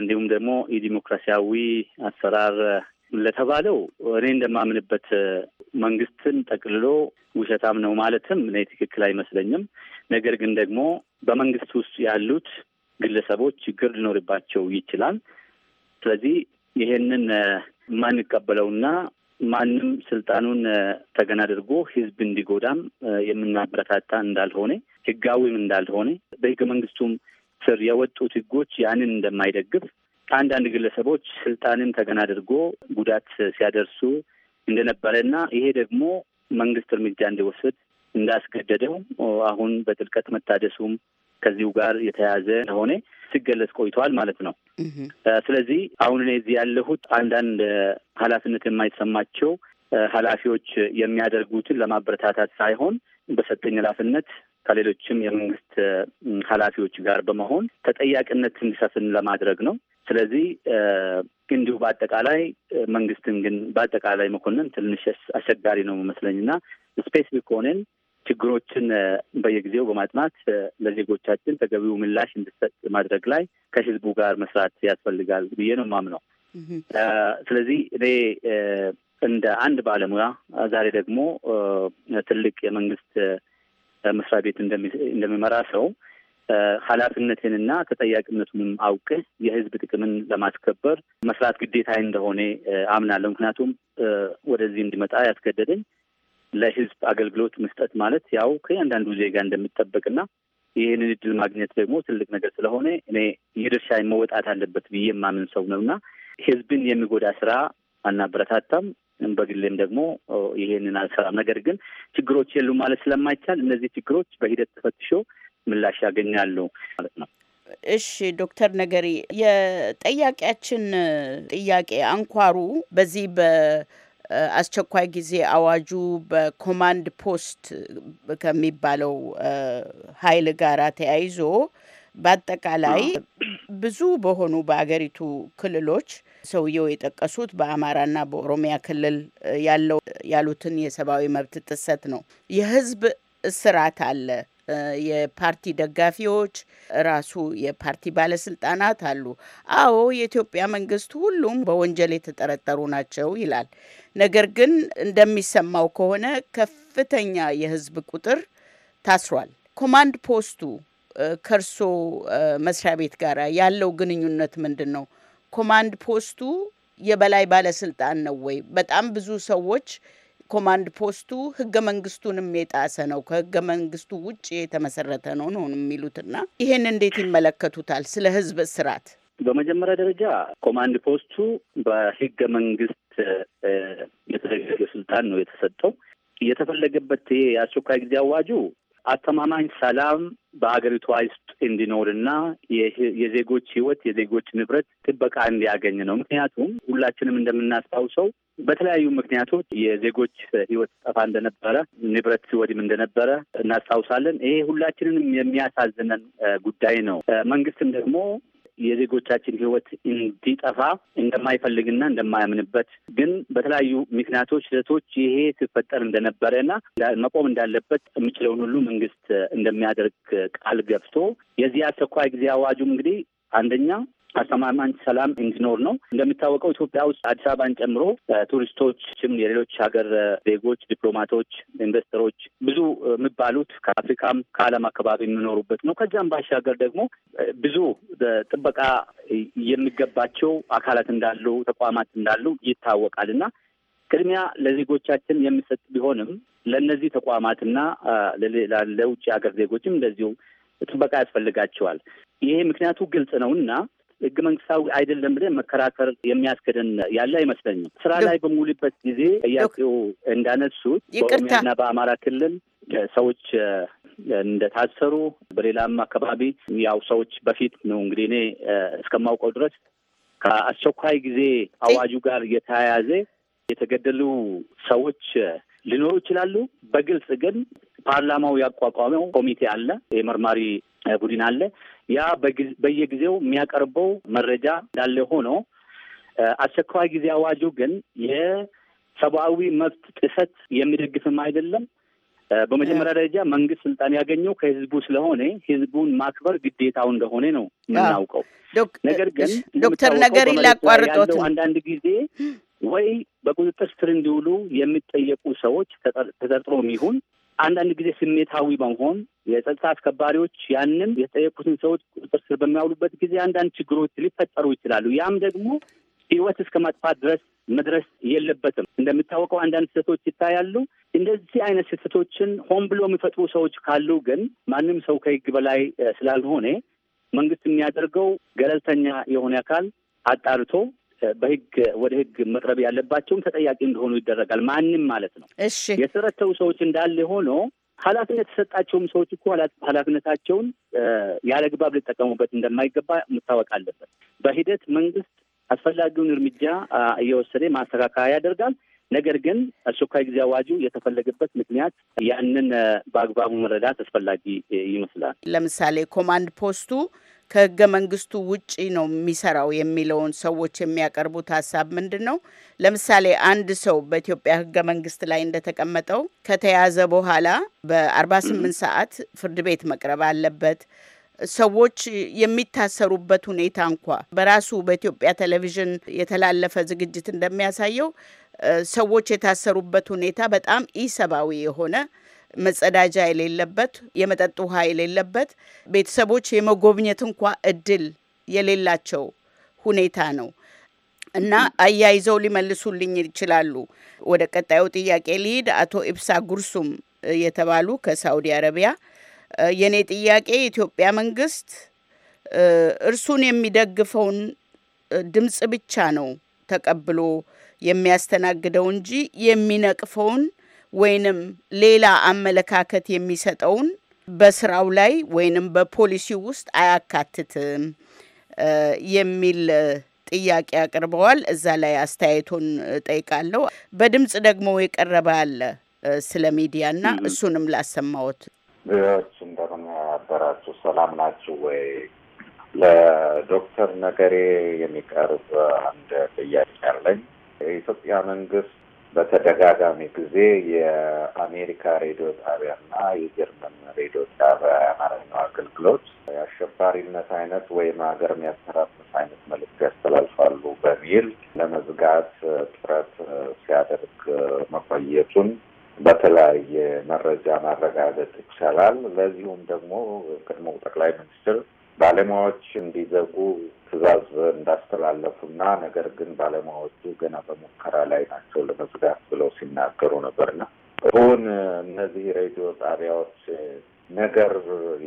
እንዲሁም ደግሞ የዲሞክራሲያዊ አሰራር ለተባለው እኔ እንደማምንበት መንግስትን ጠቅልሎ ውሸታም ነው ማለትም እኔ ትክክል አይመስለኝም። ነገር ግን ደግሞ በመንግስት ውስጥ ያሉት ግለሰቦች ችግር ሊኖርባቸው ይችላል። ስለዚህ ይሄንን የማንቀበለውና ማንም ስልጣኑን ተገን አድርጎ ህዝብ እንዲጎዳም የምናበረታታ እንዳልሆነ ህጋዊም እንዳልሆነ በህገ መንግስቱም ስር የወጡት ህጎች ያንን እንደማይደግፍ አንዳንድ ግለሰቦች ስልጣንን ተገን አድርጎ ጉዳት ሲያደርሱ እንደነበረና ይሄ ደግሞ መንግስት እርምጃ እንዲወስድ እንዳስገደደው አሁን በጥልቀት መታደሱም ከዚሁ ጋር የተያያዘ እንደሆነ ሲገለጽ ቆይተዋል ማለት ነው። ስለዚህ አሁን እኔ እዚህ ያለሁት አንዳንድ ኃላፊነት የማይሰማቸው ኃላፊዎች የሚያደርጉትን ለማበረታታት ሳይሆን በሰጠኝ ኃላፊነት ከሌሎችም የመንግስት ኃላፊዎች ጋር በመሆን ተጠያቂነት እንዲሰፍን ለማድረግ ነው። ስለዚህ እንዲሁ በአጠቃላይ መንግስትን ግን በአጠቃላይ መኮንን ትንሽ አስቸጋሪ ነው መስለኝ እና ስፔሲፊክ ሆነን ችግሮችን በየጊዜው በማጥናት ለዜጎቻችን ተገቢው ምላሽ እንዲሰጥ ማድረግ ላይ ከህዝቡ ጋር መስራት ያስፈልጋል ብዬ ነው ማምነው። ስለዚህ እኔ እንደ አንድ ባለሙያ ዛሬ ደግሞ ትልቅ የመንግስት መስሪያ ቤት እንደሚመራ ሰው ኃላፊነትንና ተጠያቂነቱንም አውቄ የህዝብ ጥቅምን ለማስከበር መስራት ግዴታ እንደሆነ አምናለሁ። ምክንያቱም ወደዚህ እንዲመጣ ያስገደደኝ ለህዝብ አገልግሎት መስጠት ማለት ያው ከእያንዳንዱ ዜጋ እንደሚጠበቅና ይህንን እድል ማግኘት ደግሞ ትልቅ ነገር ስለሆነ እኔ የድርሻ መወጣት አለበት ብዬ የማምን ሰው ነው እና ህዝብን የሚጎዳ ስራ አናበረታታም። በግሌም ደግሞ ይሄንን አልሰራም። ነገር ግን ችግሮች የሉም ማለት ስለማይቻል እነዚህ ችግሮች በሂደት ተፈትሾ ምላሽ ያገኛሉ ማለት ነው። እሺ ዶክተር ነገሪ የጠያቂያችን ጥያቄ አንኳሩ በዚህ በአስቸኳይ ጊዜ አዋጁ በኮማንድ ፖስት ከሚባለው ኃይል ጋር ተያይዞ በአጠቃላይ ብዙ በሆኑ በአገሪቱ ክልሎች ሰውየው የጠቀሱት በአማራና በኦሮሚያ ክልል ያለው ያሉትን የሰብአዊ መብት ጥሰት ነው። የህዝብ እስራት አለ። የፓርቲ ደጋፊዎች፣ ራሱ የፓርቲ ባለስልጣናት አሉ። አዎ የኢትዮጵያ መንግስት ሁሉም በወንጀል የተጠረጠሩ ናቸው ይላል። ነገር ግን እንደሚሰማው ከሆነ ከፍተኛ የህዝብ ቁጥር ታስሯል። ኮማንድ ፖስቱ ከእርሶ መስሪያ ቤት ጋር ያለው ግንኙነት ምንድን ነው? ኮማንድ ፖስቱ የበላይ ባለስልጣን ነው ወይ? በጣም ብዙ ሰዎች ኮማንድ ፖስቱ ህገ መንግስቱንም የጣሰ ነው፣ ከህገ መንግስቱ ውጭ የተመሰረተ ነው ነው የሚሉትና ይሄን እንዴት ይመለከቱታል? ስለ ህዝብ እስራት በመጀመሪያ ደረጃ ኮማንድ ፖስቱ በህገ መንግስት የተደነገገ ስልጣን ነው የተሰጠው። የተፈለገበት ይሄ የአስቸኳይ ጊዜ አዋጁ አስተማማኝ ሰላም በሀገሪቷ ውስጥ እንዲኖርና የዜጎች ህይወት የዜጎች ንብረት ጥበቃ እንዲያገኝ ነው። ምክንያቱም ሁላችንም እንደምናስታውሰው በተለያዩ ምክንያቶች የዜጎች ህይወት ጠፋ እንደነበረ፣ ንብረት ወድም እንደነበረ እናስታውሳለን። ይሄ ሁላችንንም የሚያሳዝነን ጉዳይ ነው። መንግስትም ደግሞ የዜጎቻችን ህይወት እንዲጠፋ እንደማይፈልግና እንደማያምንበት ግን በተለያዩ ምክንያቶች ስህተቶች ይሄ ሲፈጠር እንደነበረና መቆም እንዳለበት የሚችለውን ሁሉ መንግስት እንደሚያደርግ ቃል ገብቶ የዚህ አስቸኳይ ጊዜ አዋጁም እንግዲህ አንደኛ አስተማማኝ ሰላም እንዲኖር ነው። እንደሚታወቀው ኢትዮጵያ ውስጥ አዲስ አበባን ጨምሮ ቱሪስቶችም፣ የሌሎች ሀገር ዜጎች፣ ዲፕሎማቶች፣ ኢንቨስተሮች ብዙ የሚባሉት ከአፍሪካም ከዓለም አካባቢ የሚኖሩበት ነው። ከዚያም ባሻገር ደግሞ ብዙ ጥበቃ የሚገባቸው አካላት እንዳሉ፣ ተቋማት እንዳሉ ይታወቃል እና ቅድሚያ ለዜጎቻችን የሚሰጥ ቢሆንም ለእነዚህ ተቋማትና ለውጭ ሀገር ዜጎችም እንደዚሁ ጥበቃ ያስፈልጋቸዋል። ይሄ ምክንያቱ ግልጽ ነው እና ህገ መንግስታዊ አይደለም ብለን መከራከር የሚያስገደን ያለ አይመስለኝም። ስራ ላይ በሙሉበት ጊዜ ጥያቄው እንዳነሱት በኦሮሚያና በአማራ ክልል ሰዎች እንደታሰሩ በሌላም አካባቢ ያው ሰዎች በፊት ነው እንግዲህ እኔ እስከማውቀው ድረስ ከአስቸኳይ ጊዜ አዋጁ ጋር የተያያዘ የተገደሉ ሰዎች ሊኖሩ ይችላሉ። በግልጽ ግን ፓርላማው ያቋቋመው ኮሚቴ አለ፣ የመርማሪ ቡድን አለ። ያ በየጊዜው የሚያቀርበው መረጃ እንዳለ ሆኖ አስቸኳይ ጊዜ አዋጁ ግን የሰብአዊ መብት ጥሰት የሚደግፍም አይደለም። በመጀመሪያ ደረጃ መንግስት ስልጣን ያገኘው ከህዝቡ ስለሆነ ህዝቡን ማክበር ግዴታው እንደሆነ ነው የምናውቀው። ነገር ግን ዶክተር ነገር ላቋርጦት አንዳንድ ጊዜ ወይ በቁጥጥር ስር እንዲውሉ የሚጠየቁ ሰዎች ተጠርጥሮም ይሁን አንዳንድ ጊዜ ስሜታዊ በመሆን የጸጥታ አስከባሪዎች ያንን የተጠየቁትን ሰዎች ቁጥጥር ስር በሚያውሉበት ጊዜ አንዳንድ ችግሮች ሊፈጠሩ ይችላሉ። ያም ደግሞ ሕይወት እስከ ማጥፋት ድረስ መድረስ የለበትም። እንደሚታወቀው አንዳንድ ስህተቶች ይታያሉ። እንደዚህ አይነት ስህተቶችን ሆን ብሎ የሚፈጥሩ ሰዎች ካሉ ግን ማንም ሰው ከሕግ በላይ ስላልሆነ መንግስት የሚያደርገው ገለልተኛ የሆነ አካል አጣርቶ በህግ ወደ ህግ መቅረብ ያለባቸውም ተጠያቂ እንደሆኑ ይደረጋል። ማንም ማለት ነው። እሺ የተረተው ሰዎች እንዳለ ሆኖ ኃላፊነት የተሰጣቸውም ሰዎች እኮ ኃላፊነታቸውን ያለ ግባብ ሊጠቀሙበት እንደማይገባ መታወቅ አለበት። በሂደት መንግስት አስፈላጊውን እርምጃ እየወሰደ ማስተካከያ ያደርጋል። ነገር ግን አስቸኳይ ጊዜ አዋጁ የተፈለገበት ምክንያት ያንን በአግባቡ መረዳት አስፈላጊ ይመስላል። ለምሳሌ ኮማንድ ፖስቱ ከህገ መንግስቱ ውጪ ነው የሚሰራው የሚለውን ሰዎች የሚያቀርቡት ሀሳብ ምንድን ነው? ለምሳሌ አንድ ሰው በኢትዮጵያ ህገ መንግስት ላይ እንደተቀመጠው ከተያዘ በኋላ በ48 ሰዓት ፍርድ ቤት መቅረብ አለበት። ሰዎች የሚታሰሩበት ሁኔታ እንኳ በራሱ በኢትዮጵያ ቴሌቪዥን የተላለፈ ዝግጅት እንደሚያሳየው ሰዎች የታሰሩበት ሁኔታ በጣም ኢሰብአዊ የሆነ መጸዳጃ የሌለበት፣ የመጠጥ ውሃ የሌለበት፣ ቤተሰቦች የመጎብኘት እንኳ እድል የሌላቸው ሁኔታ ነው እና አያይዘው ሊመልሱልኝ ይችላሉ። ወደ ቀጣዩ ጥያቄ ሊሂድ አቶ ኢብሳ ጉርሱም የተባሉ ከሳውዲ አረቢያ የእኔ ጥያቄ የኢትዮጵያ መንግስት እርሱን የሚደግፈውን ድምፅ ብቻ ነው ተቀብሎ የሚያስተናግደው እንጂ የሚነቅፈውን ወይንም ሌላ አመለካከት የሚሰጠውን በስራው ላይ ወይንም በፖሊሲው ውስጥ አያካትትም የሚል ጥያቄ አቅርበዋል። እዛ ላይ አስተያየቱን ጠይቃለሁ። በድምፅ ደግሞ የቀረበ አለ ስለ ሚዲያ እና እሱንም ላሰማዎት። ዎች እንደምን አደራችሁ? ሰላም ናችሁ ወይ? ለዶክተር ነገሬ የሚቀርብ አንድ ጥያቄ አለኝ። የኢትዮጵያ መንግስት በተደጋጋሚ ጊዜ የአሜሪካ ሬዲዮ ጣቢያና የጀርመን ሬዲዮ ጣቢያ የአማርኛው አገልግሎት የአሸባሪነት አይነት ወይም ሀገር የሚያስተራፍስ አይነት መልዕክት ያስተላልፋሉ በሚል ለመዝጋት ጥረት ሲያደርግ መቆየቱን በተለያየ መረጃ ማረጋገጥ ይቻላል። ለዚሁም ደግሞ የቀድሞው ጠቅላይ ሚኒስትር ባለሙያዎች እንዲዘጉ ትዕዛዝ እንዳስተላለፉና ነገር ግን ባለሙያዎቹ ገና በሙከራ ላይ ናቸው ለመዝጋት ብለው ሲናገሩ ነበርና እሁን እነዚህ ሬዲዮ ጣቢያዎች ነገር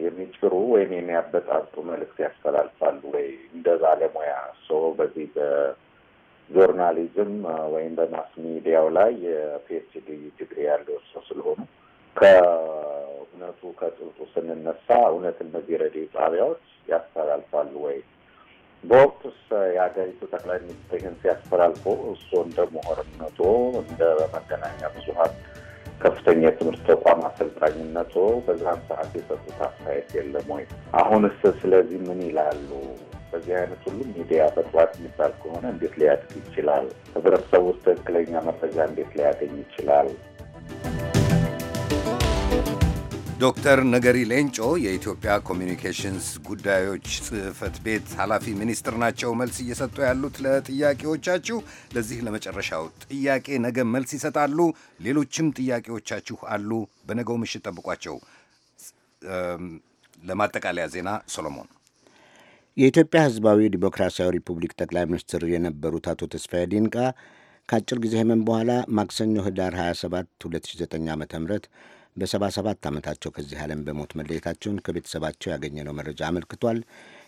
የሚጭሩ ወይም የሚያበጣጡ መልዕክት ያስተላልፋሉ ወይ? እንደ ባለሙያ ሰው በዚህ በጆርናሊዝም ወይም በማስ ሚዲያው ላይ የፒኤችዲ ዲግሪ ያለው ሰው ስለሆኑ ከ እውነቱ ከጥንጡ ስንነሳ እውነት እነዚህ ሬዲዮ ጣቢያዎች ያስተላልፋሉ ወይ? በወቅቱስ የሀገሪቱ ጠቅላይ ሚኒስትር ይህን ሲያስተላልፉ እሱ እንደ ምሁርነቶ እንደ መገናኛ ብዙኃን ከፍተኛ የትምህርት ተቋም አሰልጣኝነቶ በዛን ሰዓት የሰጡት አስተያየት የለም ወይ? አሁንስ ስለዚህ ምን ይላሉ? በዚህ አይነት ሁሉም ሚዲያ በጥዋት የሚባል ከሆነ እንዴት ሊያድግ ይችላል? ህብረተሰቡ ውስጥ ትክክለኛ መረጃ እንዴት ሊያገኝ ይችላል? ዶክተር ነገሪ ሌንጮ የኢትዮጵያ ኮሚኒኬሽንስ ጉዳዮች ጽህፈት ቤት ኃላፊ ሚኒስትር ናቸው። መልስ እየሰጡ ያሉት ለጥያቄዎቻችሁ። ለዚህ ለመጨረሻው ጥያቄ ነገ መልስ ይሰጣሉ። ሌሎችም ጥያቄዎቻችሁ አሉ። በነገው ምሽት ጠብቋቸው። ለማጠቃለያ ዜና ሶሎሞን። የኢትዮጵያ ህዝባዊ ዲሞክራሲያዊ ሪፑብሊክ ጠቅላይ ሚኒስትር የነበሩት አቶ ተስፋዬ ዲንቃ ከአጭር ጊዜ ህመም በኋላ ማክሰኞ ህዳር 27 2009 ዓ ም በሰባ ሰባት ዓመታቸው ከዚህ ዓለም በሞት መለየታቸውን ከቤተሰባቸው ያገኘነው መረጃ አመልክቷል።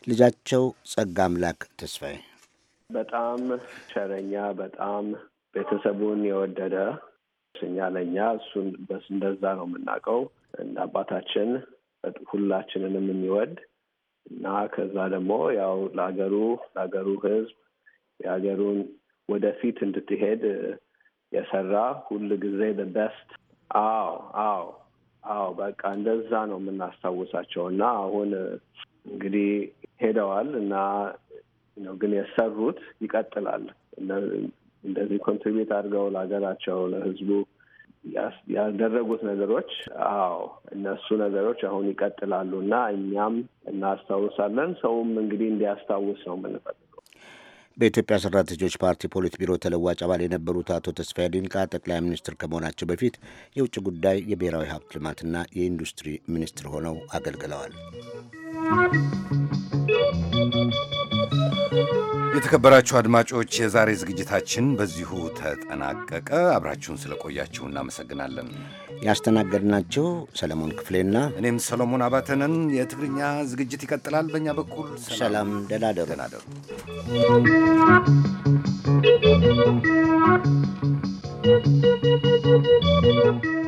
ልጃቸው ጸጋ አምላክ ተስፋዬ በጣም ቸረኛ፣ በጣም ቤተሰቡን የወደደ እኛ ለእኛ እሱን እንደዛ ነው የምናውቀው እንደ አባታችን ሁላችንንም የሚወድ እና ከዛ ደግሞ ያው ለሀገሩ ለሀገሩ ህዝብ የሀገሩን ወደፊት እንድትሄድ የሰራ ሁል ጊዜ በበስት አዎ አዎ አዎ በቃ እንደዛ ነው የምናስታውሳቸው እና አሁን እንግዲህ ሄደዋል እና ነው ግን የሰሩት ይቀጥላል። እንደዚህ ኮንትሪቢዩት አድርገው ለሀገራቸው ለህዝቡ ያደረጉት ነገሮች አዎ እነሱ ነገሮች አሁን ይቀጥላሉ እና እኛም እናስታውሳለን። ሰውም እንግዲህ እንዲያስታውስ ነው የምንፈልገው። በኢትዮጵያ ሰራተኞች ፓርቲ ፖሊት ቢሮ ተለዋጭ አባል የነበሩት አቶ ተስፋዬ ዲንቃ ጠቅላይ ሚኒስትር ከመሆናቸው በፊት የውጭ ጉዳይ፣ የብሔራዊ ሀብት ልማትና የኢንዱስትሪ ሚኒስትር ሆነው አገልግለዋል። የተከበራችሁ አድማጮች የዛሬ ዝግጅታችን በዚሁ ተጠናቀቀ። አብራችሁን ስለቆያችሁ እናመሰግናለን። ያስተናገድናችሁ ሰለሞን ክፍሌና እኔም ሰሎሞን አባተንን። የትግርኛ ዝግጅት ይቀጥላል። በእኛ በኩል ሰላም፣ ደህና ደሩ።